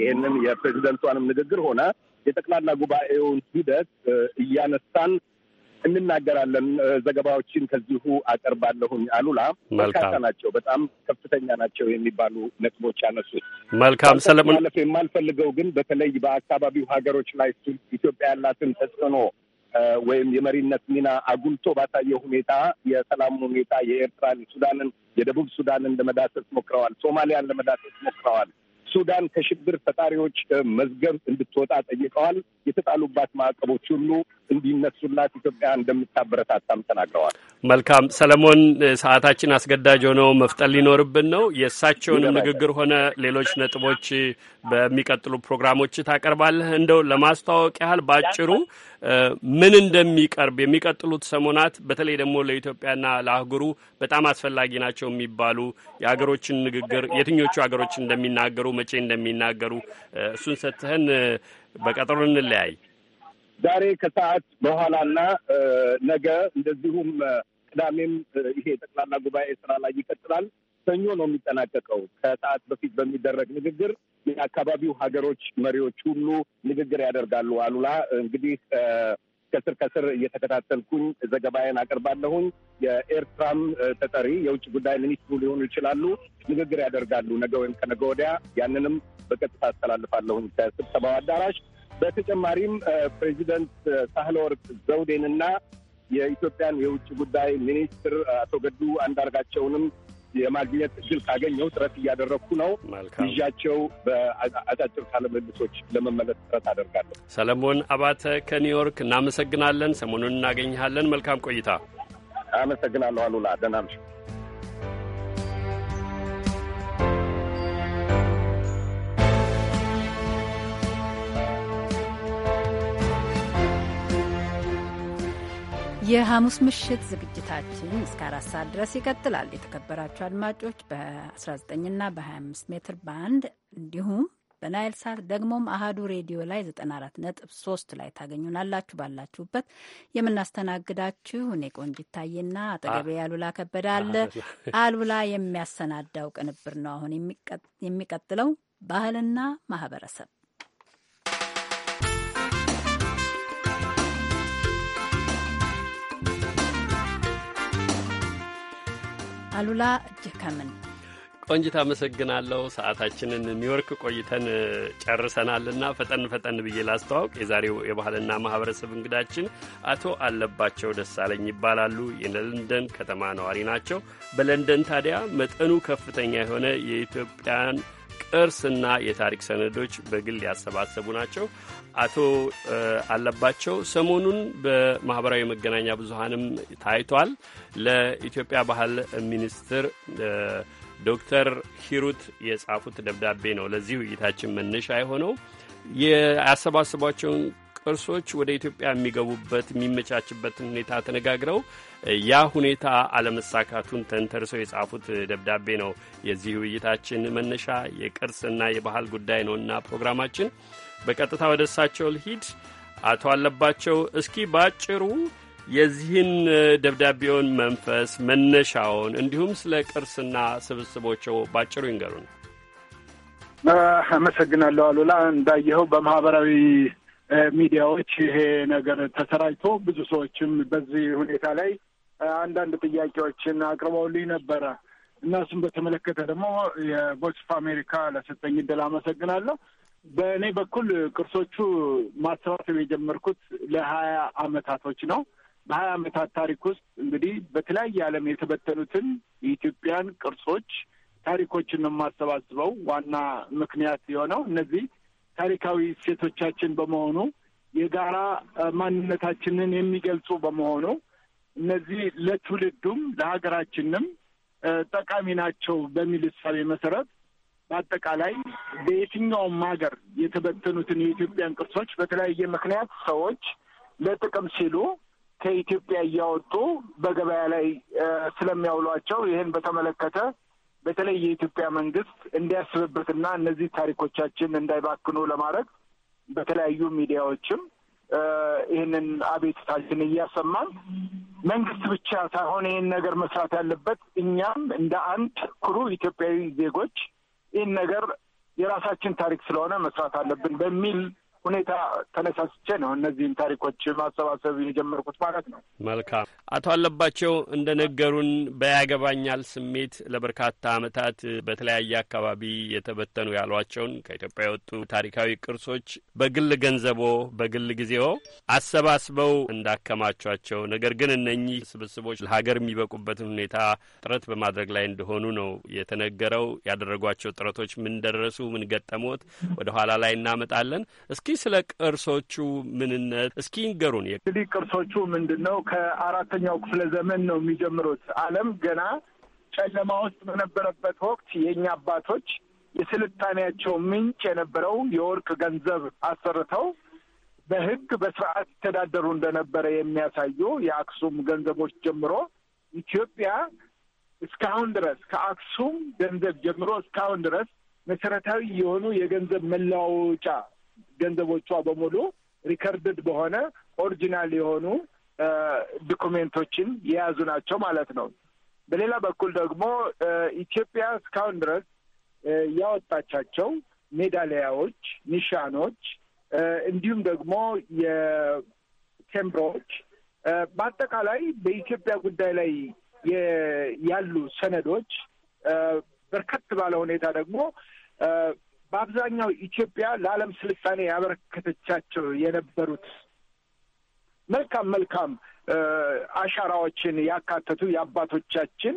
ይህንን የፕሬዚደንቷንም ንግግር ሆነ የጠቅላላ ጉባኤውን ሂደት እያነሳን እንናገራለን። ዘገባዎችን ከዚሁ አቀርባለሁኝ። አሉላ በርካታ ናቸው፣ በጣም ከፍተኛ ናቸው የሚባሉ ነጥቦች ያነሱት። መልካም ሰለሞን፣ ማለፍ የማልፈልገው ግን በተለይ በአካባቢው ሀገሮች ላይ ኢትዮጵያ ያላትን ተጽዕኖ ወይም የመሪነት ሚና አጉልቶ ባሳየ ሁኔታ የሰላም ሁኔታ የኤርትራን፣ ሱዳንን፣ የደቡብ ሱዳንን ለመዳሰስ ሞክረዋል። ሶማሊያን ለመዳሰስ ሞክረዋል። ሱዳን ከሽብር ፈጣሪዎች መዝገብ እንድትወጣ ጠይቀዋል። የተጣሉባት ማዕቀቦች ሁሉ እንዲነሱላት ኢትዮጵያ እንደምታበረታታም ተናግረዋል። መልካም ሰለሞን፣ ሰዓታችን አስገዳጅ ሆነው መፍጠን ሊኖርብን ነው። የእሳቸውንም ንግግር ሆነ ሌሎች ነጥቦች በሚቀጥሉ ፕሮግራሞች ታቀርባለህ። እንደው ለማስተዋወቅ ያህል በአጭሩ ምን እንደሚቀርብ የሚቀጥሉት ሰሞናት በተለይ ደግሞ ለኢትዮጵያና ለአህጉሩ በጣም አስፈላጊ ናቸው የሚባሉ የሀገሮችን ንግግር የትኞቹ ሀገሮች እንደሚናገሩ መቼ እንደሚናገሩ እሱን ሰጥተህን በቀጠሮ እንለያይ። ዛሬ ከሰዓት በኋላና ነገ እንደዚሁም ቅዳሜም ይሄ ጠቅላላ ጉባኤ ስራ ላይ ይቀጥላል። ሰኞ ነው የሚጠናቀቀው። ከሰዓት በፊት በሚደረግ ንግግር የአካባቢው ሀገሮች መሪዎች ሁሉ ንግግር ያደርጋሉ። አሉላ እንግዲህ ከስር ከስር እየተከታተልኩኝ ዘገባዬን አቅርባለሁኝ። የኤርትራም ተጠሪ የውጭ ጉዳይ ሚኒስትሩ ሊሆኑ ይችላሉ፣ ንግግር ያደርጋሉ ነገ ወይም ከነገ ወዲያ። ያንንም በቀጥታ አስተላልፋለሁኝ ከስብሰባው አዳራሽ። በተጨማሪም ፕሬዚደንት ሳህለ ወርቅ ዘውዴንና የኢትዮጵያን የውጭ ጉዳይ ሚኒስትር አቶ ገዱ አንዳርጋቸውንም የማግኘት እድል ካገኘው ጥረት እያደረግኩ ነው። ይዣቸው በአጫጭር ቃለ ምልልሶች ለመመለስ ጥረት አደርጋለሁ። ሰለሞን አባተ ከኒውዮርክ እናመሰግናለን። ሰሞኑን እናገኝሃለን። መልካም ቆይታ። አመሰግናለሁ አሉላ ደህና የሐሙስ ምሽት ዝግጅታችን እስከ አራት ሰዓት ድረስ ይቀጥላል። የተከበራችሁ አድማጮች በ19ና በ25 ሜትር ባንድ እንዲሁም በናይል ሳት ደግሞም አህዱ ሬዲዮ ላይ 94.3 ላይ ታገኙናላችሁ። ባላችሁበት የምናስተናግዳችሁ እኔ ቆንጅ ታዬና አጠገቤ አሉላ ከበደ አለ። አሉላ የሚያሰናዳው ቅንብር ነው። አሁን የሚቀጥለው ባህልና ማህበረሰብ አሉላ እጅከምን ቆንጅት አመሰግናለሁ። ሰዓታችንን ኒውዮርክ ቆይተን ጨርሰናልና ፈጠን ፈጠን ብዬ ላስተዋውቅ። የዛሬው የባህልና ማህበረሰብ እንግዳችን አቶ አለባቸው ደሳለኝ ይባላሉ። የለንደን ከተማ ነዋሪ ናቸው። በለንደን ታዲያ መጠኑ ከፍተኛ የሆነ የኢትዮጵያን ቅርስና የታሪክ ሰነዶች በግል ያሰባሰቡ ናቸው። አቶ አለባቸው ሰሞኑን በማህበራዊ መገናኛ ብዙሀንም ታይቷል። ለኢትዮጵያ ባህል ሚኒስትር ዶክተር ሂሩት የጻፉት ደብዳቤ ነው ለዚህ ውይይታችን መነሻ የሆነው። ያሰባሰቧቸውን ቅርሶች ወደ ኢትዮጵያ የሚገቡበት የሚመቻችበትን ሁኔታ ተነጋግረው ያ ሁኔታ አለመሳካቱን ተንተርሰው የጻፉት ደብዳቤ ነው የዚህ ውይይታችን መነሻ። የቅርስና የባህል ጉዳይ ነውና ፕሮግራማችን በቀጥታ ወደ እሳቸው ልሂድ። አቶ አለባቸው እስኪ ባጭሩ የዚህን ደብዳቤውን መንፈስ መነሻውን፣ እንዲሁም ስለ ቅርስና ስብስቦቸው ባጭሩ ይንገሩን። አመሰግናለሁ አሉላ። እንዳየኸው በማህበራዊ ሚዲያዎች ይሄ ነገር ተሰራጭቶ ብዙ ሰዎችም በዚህ ሁኔታ ላይ አንዳንድ ጥያቄዎችን አቅርበውልኝ ነበረ እና በተመለከተ ደግሞ የቮይስ ኦፍ አሜሪካ ለሰጠኝ እድል አመሰግናለሁ። በእኔ በኩል ቅርሶቹ ማሰባሰብ የጀመርኩት ለሀያ አመታቶች ነው። በሀያ አመታት ታሪክ ውስጥ እንግዲህ በተለያየ ዓለም የተበተኑትን የኢትዮጵያን ቅርሶች ታሪኮችን ነው የማሰባስበው። ዋና ምክንያት የሆነው እነዚህ ታሪካዊ እሴቶቻችን በመሆኑ የጋራ ማንነታችንን የሚገልጹ በመሆኑ እነዚህ ለትውልዱም ለሀገራችንም ጠቃሚ ናቸው በሚል እሳቤ መሰረት በአጠቃላይ በየትኛውም ሀገር የተበተኑትን የኢትዮጵያን ቅርሶች በተለያየ ምክንያት ሰዎች ለጥቅም ሲሉ ከኢትዮጵያ እያወጡ በገበያ ላይ ስለሚያውሏቸው ይህን በተመለከተ በተለይ የኢትዮጵያ መንግስት እንዲያስብበትና እነዚህ ታሪኮቻችን እንዳይባክኑ ለማድረግ በተለያዩ ሚዲያዎችም ይህንን አቤቱታችን እያሰማን መንግስት ብቻ ሳይሆን ይህን ነገር መስራት ያለበት እኛም እንደ አንድ ኩሩ ኢትዮጵያዊ ዜጎች ይህን ነገር የራሳችን ታሪክ ስለሆነ መስራት አለብን በሚል ሁኔታ ተነሳስቼ ነው እነዚህን ታሪኮች ማሰባሰብ የጀመርኩት ማለት ነው። መልካም አቶ አለባቸው እንደ ነገሩን በያገባኛል ስሜት ለበርካታ ዓመታት በተለያየ አካባቢ የተበተኑ ያሏቸውን ከኢትዮጵያ የወጡ ታሪካዊ ቅርሶች በግል ገንዘቦ በግል ጊዜዎ አሰባስበው እንዳከማቿቸው ነገር ግን እነኚህ ስብስቦች ለሀገር የሚበቁበትን ሁኔታ ጥረት በማድረግ ላይ እንደሆኑ ነው የተነገረው። ያደረጓቸው ጥረቶች ምን ደረሱ? ምን ገጠሞት? ወደ ኋላ ላይ እናመጣለን። እስኪ ስለ ቅርሶቹ ምንነት እስኪ ንገሩን። እንግዲህ ቅርሶቹ ምንድን ነው? ከአራተኛው ክፍለ ዘመን ነው የሚጀምሩት። ዓለም ገና ጨለማ ውስጥ በነበረበት ወቅት የእኛ አባቶች የስልጣኔያቸው ምንጭ የነበረው የወርቅ ገንዘብ አሰርተው በሕግ በስርዓት ይተዳደሩ እንደነበረ የሚያሳዩ የአክሱም ገንዘቦች ጀምሮ ኢትዮጵያ እስካሁን ድረስ ከአክሱም ገንዘብ ጀምሮ እስካሁን ድረስ መሰረታዊ የሆኑ የገንዘብ መለዋወጫ ገንዘቦቿ በሙሉ ሪከርድድ በሆነ ኦሪጂናል የሆኑ ዶኩሜንቶችን የያዙ ናቸው ማለት ነው። በሌላ በኩል ደግሞ ኢትዮጵያ እስካሁን ድረስ ያወጣቻቸው ሜዳሊያዎች፣ ኒሻኖች እንዲሁም ደግሞ የቴምብሮች በአጠቃላይ በኢትዮጵያ ጉዳይ ላይ ያሉ ሰነዶች በርከት ባለ ሁኔታ ደግሞ በአብዛኛው ኢትዮጵያ ለዓለም ስልጣኔ ያበረከተቻቸው የነበሩት መልካም መልካም አሻራዎችን ያካተቱ የአባቶቻችን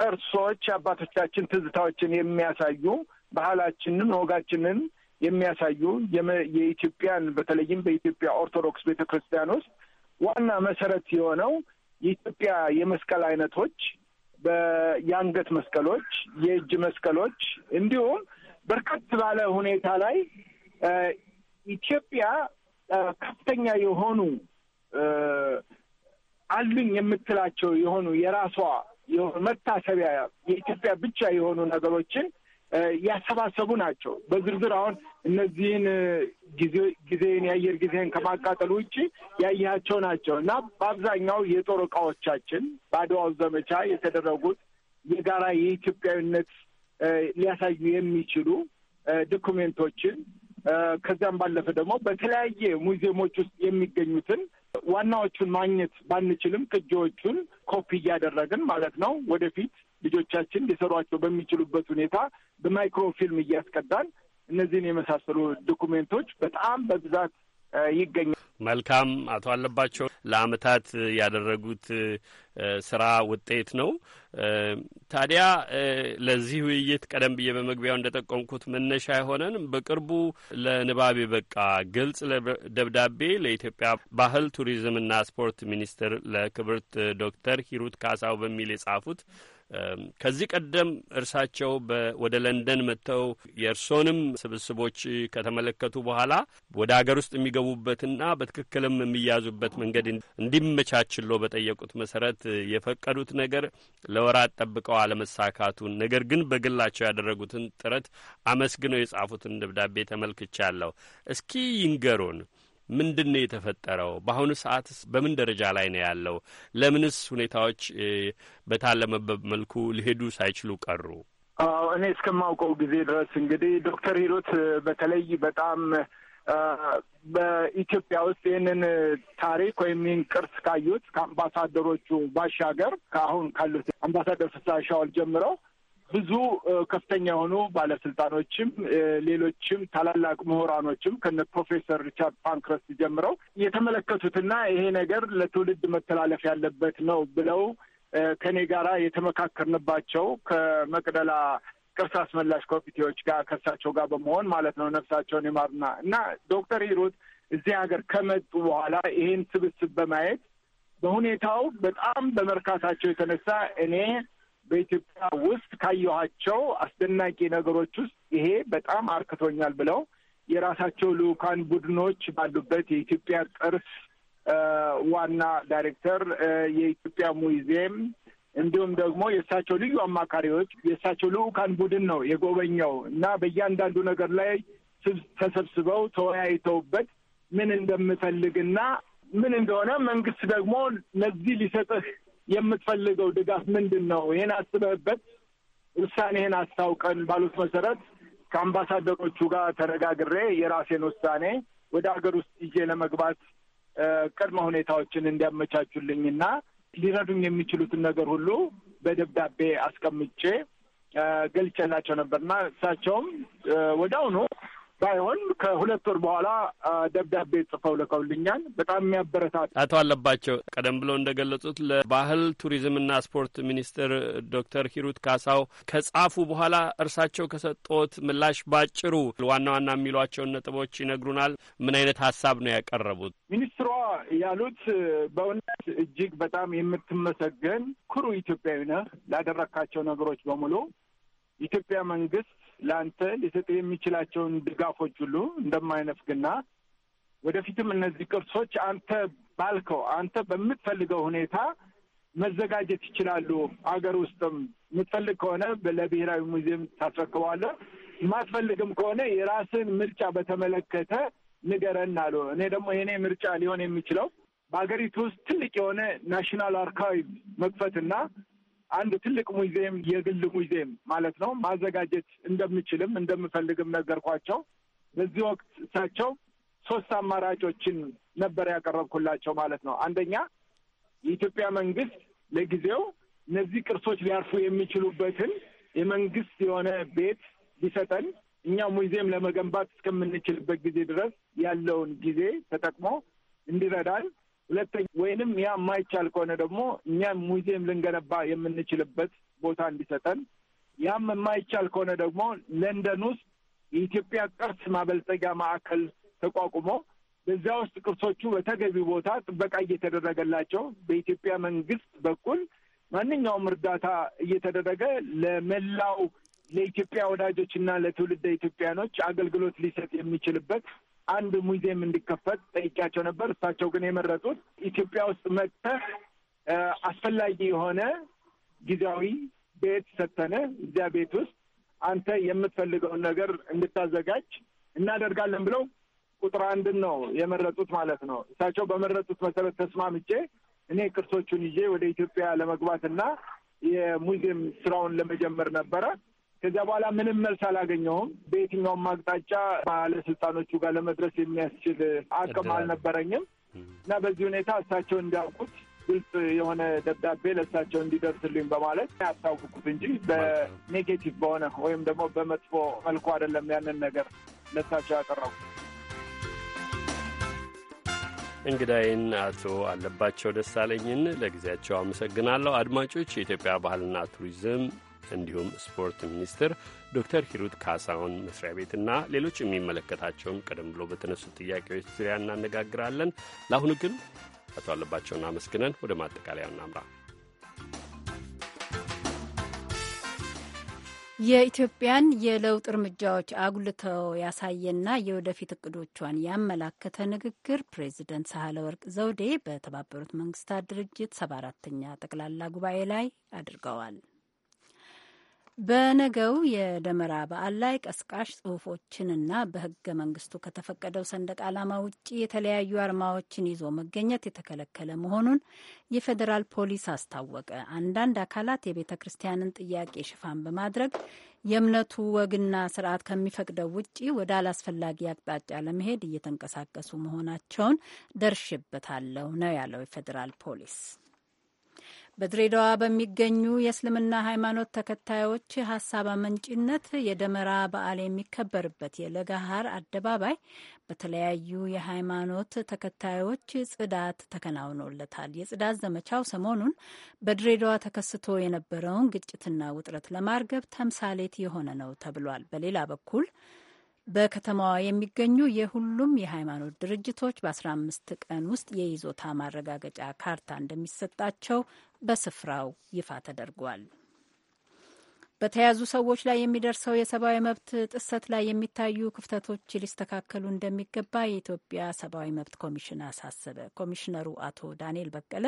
ቅርሶች የአባቶቻችን ትዝታዎችን የሚያሳዩ ባህላችንን፣ ወጋችንን የሚያሳዩ የኢትዮጵያን በተለይም በኢትዮጵያ ኦርቶዶክስ ቤተ ክርስቲያን ውስጥ ዋና መሰረት የሆነው የኢትዮጵያ የመስቀል አይነቶች የአንገት መስቀሎች፣ የእጅ መስቀሎች እንዲሁም በርከት ባለ ሁኔታ ላይ ኢትዮጵያ ከፍተኛ የሆኑ አሉኝ የምትላቸው የሆኑ የራሷ መታሰቢያ የኢትዮጵያ ብቻ የሆኑ ነገሮችን ያሰባሰቡ ናቸው። በዝርዝር አሁን እነዚህን ጊዜን የአየር ጊዜን ከማቃጠል ውጭ ያያቸው ናቸው እና በአብዛኛው የጦር እቃዎቻችን በአድዋው ዘመቻ የተደረጉት የጋራ የኢትዮጵያዊነት ሊያሳዩ የሚችሉ ዶኩሜንቶችን ከዚያም ባለፈ ደግሞ በተለያየ ሙዚየሞች ውስጥ የሚገኙትን ዋናዎቹን ማግኘት ባንችልም ቅጂዎቹን ኮፒ እያደረግን ማለት ነው ወደፊት ልጆቻችን ሊሰሯቸው በሚችሉበት ሁኔታ በማይክሮፊልም እያስቀዳን እነዚህን የመሳሰሉ ዶኩሜንቶች በጣም በብዛት ይገኛል። መልካም አቶ አለባቸው ለአመታት ያደረጉት ስራ ውጤት ነው። ታዲያ ለዚህ ውይይት ቀደም ብዬ በመግቢያው እንደ ጠቆምኩት መነሻ የሆነን በቅርቡ ለንባብ የበቃ ግልጽ ደብዳቤ ለኢትዮጵያ ባህል ቱሪዝምና ስፖርት ሚኒስትር ለክብርት ዶክተር ሂሩት ካሳው በሚል የጻፉት ከዚህ ቀደም እርሳቸው ወደ ለንደን መጥተው የእርሶንም ስብስቦች ከተመለከቱ በኋላ ወደ አገር ውስጥ የሚገቡበትና በትክክልም የሚያዙበት መንገድ እንዲመቻችሎ በጠየቁት መሰረት የፈቀዱት ነገር ለወራት ጠብቀው አለመሳካቱን ነገር ግን በግላቸው ያደረጉትን ጥረት አመስግነው የጻፉትን ደብዳቤ ተመልክቻለሁ። እስኪ ይንገሩን። ምንድን ነው የተፈጠረው? በአሁኑ ሰዓትስ በምን ደረጃ ላይ ነው ያለው? ለምንስ ሁኔታዎች በታለመበት መልኩ ሊሄዱ ሳይችሉ ቀሩ? አዎ እኔ እስከማውቀው ጊዜ ድረስ እንግዲህ ዶክተር ሂሩት በተለይ በጣም በኢትዮጵያ ውስጥ ይህንን ታሪክ ወይም ይህን ቅርስ ካዩት ከአምባሳደሮቹ ባሻገር ከአሁን ካሉት አምባሳደር ፍሳሻዋል ጀምረው ብዙ ከፍተኛ የሆኑ ባለስልጣኖችም ሌሎችም ታላላቅ ምሁራኖችም ከነ ፕሮፌሰር ሪቻርድ ፓንክረስት ጀምረው የተመለከቱትና ይሄ ነገር ለትውልድ መተላለፍ ያለበት ነው ብለው ከኔ ጋር የተመካከርንባቸው ከመቅደላ ቅርስ አስመላሽ ኮሚቴዎች ጋር ከእሳቸው ጋር በመሆን ማለት ነው። ነፍሳቸውን ይማርና እና ዶክተር ሂሩት እዚህ ሀገር ከመጡ በኋላ ይሄን ስብስብ በማየት በሁኔታው በጣም በመርካታቸው የተነሳ እኔ በኢትዮጵያ ውስጥ ካየኋቸው አስደናቂ ነገሮች ውስጥ ይሄ በጣም አርክቶኛል ብለው የራሳቸው ልዑካን ቡድኖች ባሉበት የኢትዮጵያ ቅርስ ዋና ዳይሬክተር፣ የኢትዮጵያ ሙዚየም እንዲሁም ደግሞ የእሳቸው ልዩ አማካሪዎች የእሳቸው ልዑካን ቡድን ነው የጎበኘው እና በእያንዳንዱ ነገር ላይ ተሰብስበው ተወያይተውበት ምን እንደምፈልግና ምን እንደሆነ መንግስት ደግሞ ለዚህ ሊሰጥህ የምትፈልገው ድጋፍ ምንድን ነው? ይህን አስበህበት ውሳኔህን አስታውቀን ባሉት መሰረት ከአምባሳደሮቹ ጋር ተነጋግሬ የራሴን ውሳኔ ወደ ሀገር ውስጥ ይዤ ለመግባት ቅድመ ሁኔታዎችን እንዲያመቻቹልኝና ሊረዱኝ የሚችሉትን ነገር ሁሉ በደብዳቤ አስቀምጬ ገልጬላቸው ነበርና እሳቸውም ወደ አሁኑ ባይሆን ከሁለት ወር በኋላ ደብዳቤ ጽፈው ልከውልኛል። በጣም የሚያበረታት አቶ አለባቸው ቀደም ብሎ እንደገለጹት ለባህል ቱሪዝምና ስፖርት ሚኒስትር ዶክተር ሂሩት ካሳው ከጻፉ በኋላ እርሳቸው ከሰጡት ምላሽ ባጭሩ ዋና ዋና የሚሏቸውን ነጥቦች ይነግሩናል። ምን አይነት ሀሳብ ነው ያቀረቡት? ሚኒስትሯ ያሉት በእውነት እጅግ በጣም የምትመሰገን ኩሩ ኢትዮጵያዊ ነህ ላደረካቸው ነገሮች በሙሉ ኢትዮጵያ መንግስት ለአንተ ሊሰጥ የሚችላቸውን ድጋፎች ሁሉ እንደማይነፍግና ወደፊትም እነዚህ ቅርሶች አንተ ባልከው አንተ በምትፈልገው ሁኔታ መዘጋጀት ይችላሉ። አገር ውስጥም የምትፈልግ ከሆነ ለብሔራዊ ሙዚየም ታስረክበዋለህ። የማትፈልግም ከሆነ የራስን ምርጫ በተመለከተ ንገረን አሉ። እኔ ደግሞ የእኔ ምርጫ ሊሆን የሚችለው በሀገሪቱ ውስጥ ትልቅ የሆነ ናሽናል አርካይቭ መክፈትና አንድ ትልቅ ሙዚየም የግል ሙዚየም ማለት ነው ማዘጋጀት እንደምችልም እንደምፈልግም ነገርኳቸው። በዚህ ወቅት እሳቸው ሶስት አማራጮችን ነበር ያቀረብኩላቸው ማለት ነው። አንደኛ የኢትዮጵያ መንግስት ለጊዜው እነዚህ ቅርሶች ሊያርፉ የሚችሉበትን የመንግስት የሆነ ቤት ሊሰጠን እኛ ሙዚየም ለመገንባት እስከምንችልበት ጊዜ ድረስ ያለውን ጊዜ ተጠቅሞ እንዲረዳን ሁለተኛ ወይንም ያ የማይቻል ከሆነ ደግሞ እኛም ሙዚየም ልንገነባ የምንችልበት ቦታ እንዲሰጠን፣ ያም የማይቻል ከሆነ ደግሞ ለንደን ውስጥ የኢትዮጵያ ቅርስ ማበልጸጊያ ማዕከል ተቋቁሞ በዚያ ውስጥ ቅርሶቹ በተገቢ ቦታ ጥበቃ እየተደረገላቸው በኢትዮጵያ መንግስት በኩል ማንኛውም እርዳታ እየተደረገ ለመላው ለኢትዮጵያ ወዳጆችና ለትውልደ ኢትዮጵያኖች አገልግሎት ሊሰጥ የሚችልበት አንድ ሙዚየም እንዲከፈት ጠይቄያቸው ነበር። እሳቸው ግን የመረጡት ኢትዮጵያ ውስጥ መጥተህ አስፈላጊ የሆነ ጊዜያዊ ቤት ሰተነ እዚያ ቤት ውስጥ አንተ የምትፈልገውን ነገር እንድታዘጋጅ እናደርጋለን ብለው ቁጥር አንድን ነው የመረጡት ማለት ነው። እሳቸው በመረጡት መሰረት ተስማምቼ እኔ ቅርሶቹን ይዤ ወደ ኢትዮጵያ ለመግባትና የሙዚየም ስራውን ለመጀመር ነበረ። ከዚያ በኋላ ምንም መልስ አላገኘውም በየትኛውም አቅጣጫ ባለስልጣኖቹ ጋር ለመድረስ የሚያስችል አቅም አልነበረኝም እና በዚህ ሁኔታ እሳቸው እንዲያውቁት ግልጽ የሆነ ደብዳቤ ለእሳቸው እንዲደርስልኝ በማለት ያስታውቁት እንጂ በኔጌቲቭ በሆነ ወይም ደግሞ በመጥፎ መልኩ አይደለም ያንን ነገር ለእሳቸው ያቀረቡ። እንግዳይን አቶ አለባቸው ደሳለኝን ለጊዜያቸው አመሰግናለሁ። አድማጮች፣ የኢትዮጵያ ባህልና ቱሪዝም እንዲሁም ስፖርት ሚኒስትር ዶክተር ሂሩት ካሳሁን መስሪያ ቤትና ሌሎች የሚመለከታቸውን ቀደም ብሎ በተነሱ ጥያቄዎች ዙሪያ እናነጋግራለን። ለአሁኑ ግን አቶ አለባቸውን አመስግነን ወደ ማጠቃለያ እናምራ። የኢትዮጵያን የለውጥ እርምጃዎች አጉልተው ያሳየና የወደፊት እቅዶቿን ያመላከተ ንግግር ፕሬዚደንት ሳህለ ወርቅ ዘውዴ በተባበሩት መንግስታት ድርጅት ሰባ አራተኛ ጠቅላላ ጉባኤ ላይ አድርገዋል። በነገው የደመራ በዓል ላይ ቀስቃሽ ጽሁፎችንና በህገ መንግስቱ ከተፈቀደው ሰንደቅ ዓላማ ውጭ የተለያዩ አርማዎችን ይዞ መገኘት የተከለከለ መሆኑን የፌዴራል ፖሊስ አስታወቀ። አንዳንድ አካላት የቤተ ክርስቲያንን ጥያቄ ሽፋን በማድረግ የእምነቱ ወግና ስርዓት ከሚፈቅደው ውጪ ወደ አላስፈላጊ አቅጣጫ ለመሄድ እየተንቀሳቀሱ መሆናቸውን ደርሽበታለሁ ነው ያለው የፌዴራል ፖሊስ። በድሬዳዋ በሚገኙ የእስልምና ሃይማኖት ተከታዮች ሀሳብ አመንጭነት የደመራ በዓል የሚከበርበት የለጋሃር አደባባይ በተለያዩ የሃይማኖት ተከታዮች ጽዳት ተከናውኖለታል። የጽዳት ዘመቻው ሰሞኑን በድሬዳዋ ተከስቶ የነበረውን ግጭትና ውጥረት ለማርገብ ተምሳሌት የሆነ ነው ተብሏል። በሌላ በኩል በከተማዋ የሚገኙ የሁሉም የሃይማኖት ድርጅቶች በ15 ቀን ውስጥ የይዞታ ማረጋገጫ ካርታ እንደሚሰጣቸው በስፍራው ይፋ ተደርጓል። በተያዙ ሰዎች ላይ የሚደርሰው የሰብአዊ መብት ጥሰት ላይ የሚታዩ ክፍተቶች ሊስተካከሉ እንደሚገባ የኢትዮጵያ ሰብአዊ መብት ኮሚሽን አሳሰበ። ኮሚሽነሩ አቶ ዳንኤል በቀለ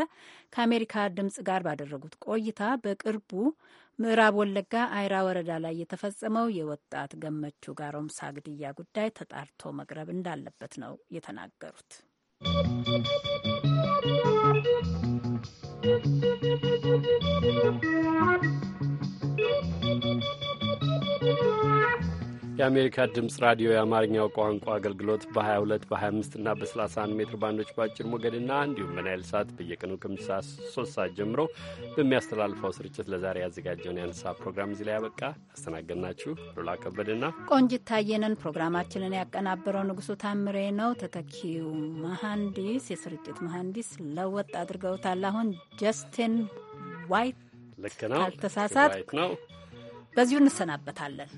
ከአሜሪካ ድምጽ ጋር ባደረጉት ቆይታ በቅርቡ ምዕራብ ወለጋ አይራ ወረዳ ላይ የተፈጸመው የወጣት ገመቹ ጋሮምሳ ግድያ ጉዳይ ተጣርቶ መቅረብ እንዳለበት ነው የተናገሩት። Thank you. የአሜሪካ ድምፅ ራዲዮ የአማርኛው ቋንቋ አገልግሎት በ22 በ25 እና በ31 ሜትር ባንዶች በአጭር ሞገድና እንዲሁም በናይል ሰዓት በየቀኑ ከምሽቱ 3 ሰዓት ጀምሮ በሚያስተላልፈው ስርጭት ለዛሬ ያዘጋጀውን የአንስሳ ፕሮግራም እዚህ ላይ ያበቃ። ያስተናገድናችሁ ሉላ ከበድና ቆንጂት ታየነን። ፕሮግራማችንን ያቀናበረው ንጉሱ ታምሬ ነው። ተተኪው መሐንዲስ የስርጭት መሐንዲስ ለወጥ አድርገውታል። አሁን ጀስቲን ዋይት ልክ ነው፣ አልተሳሳት ነው በዚሁ እንሰናበታለን።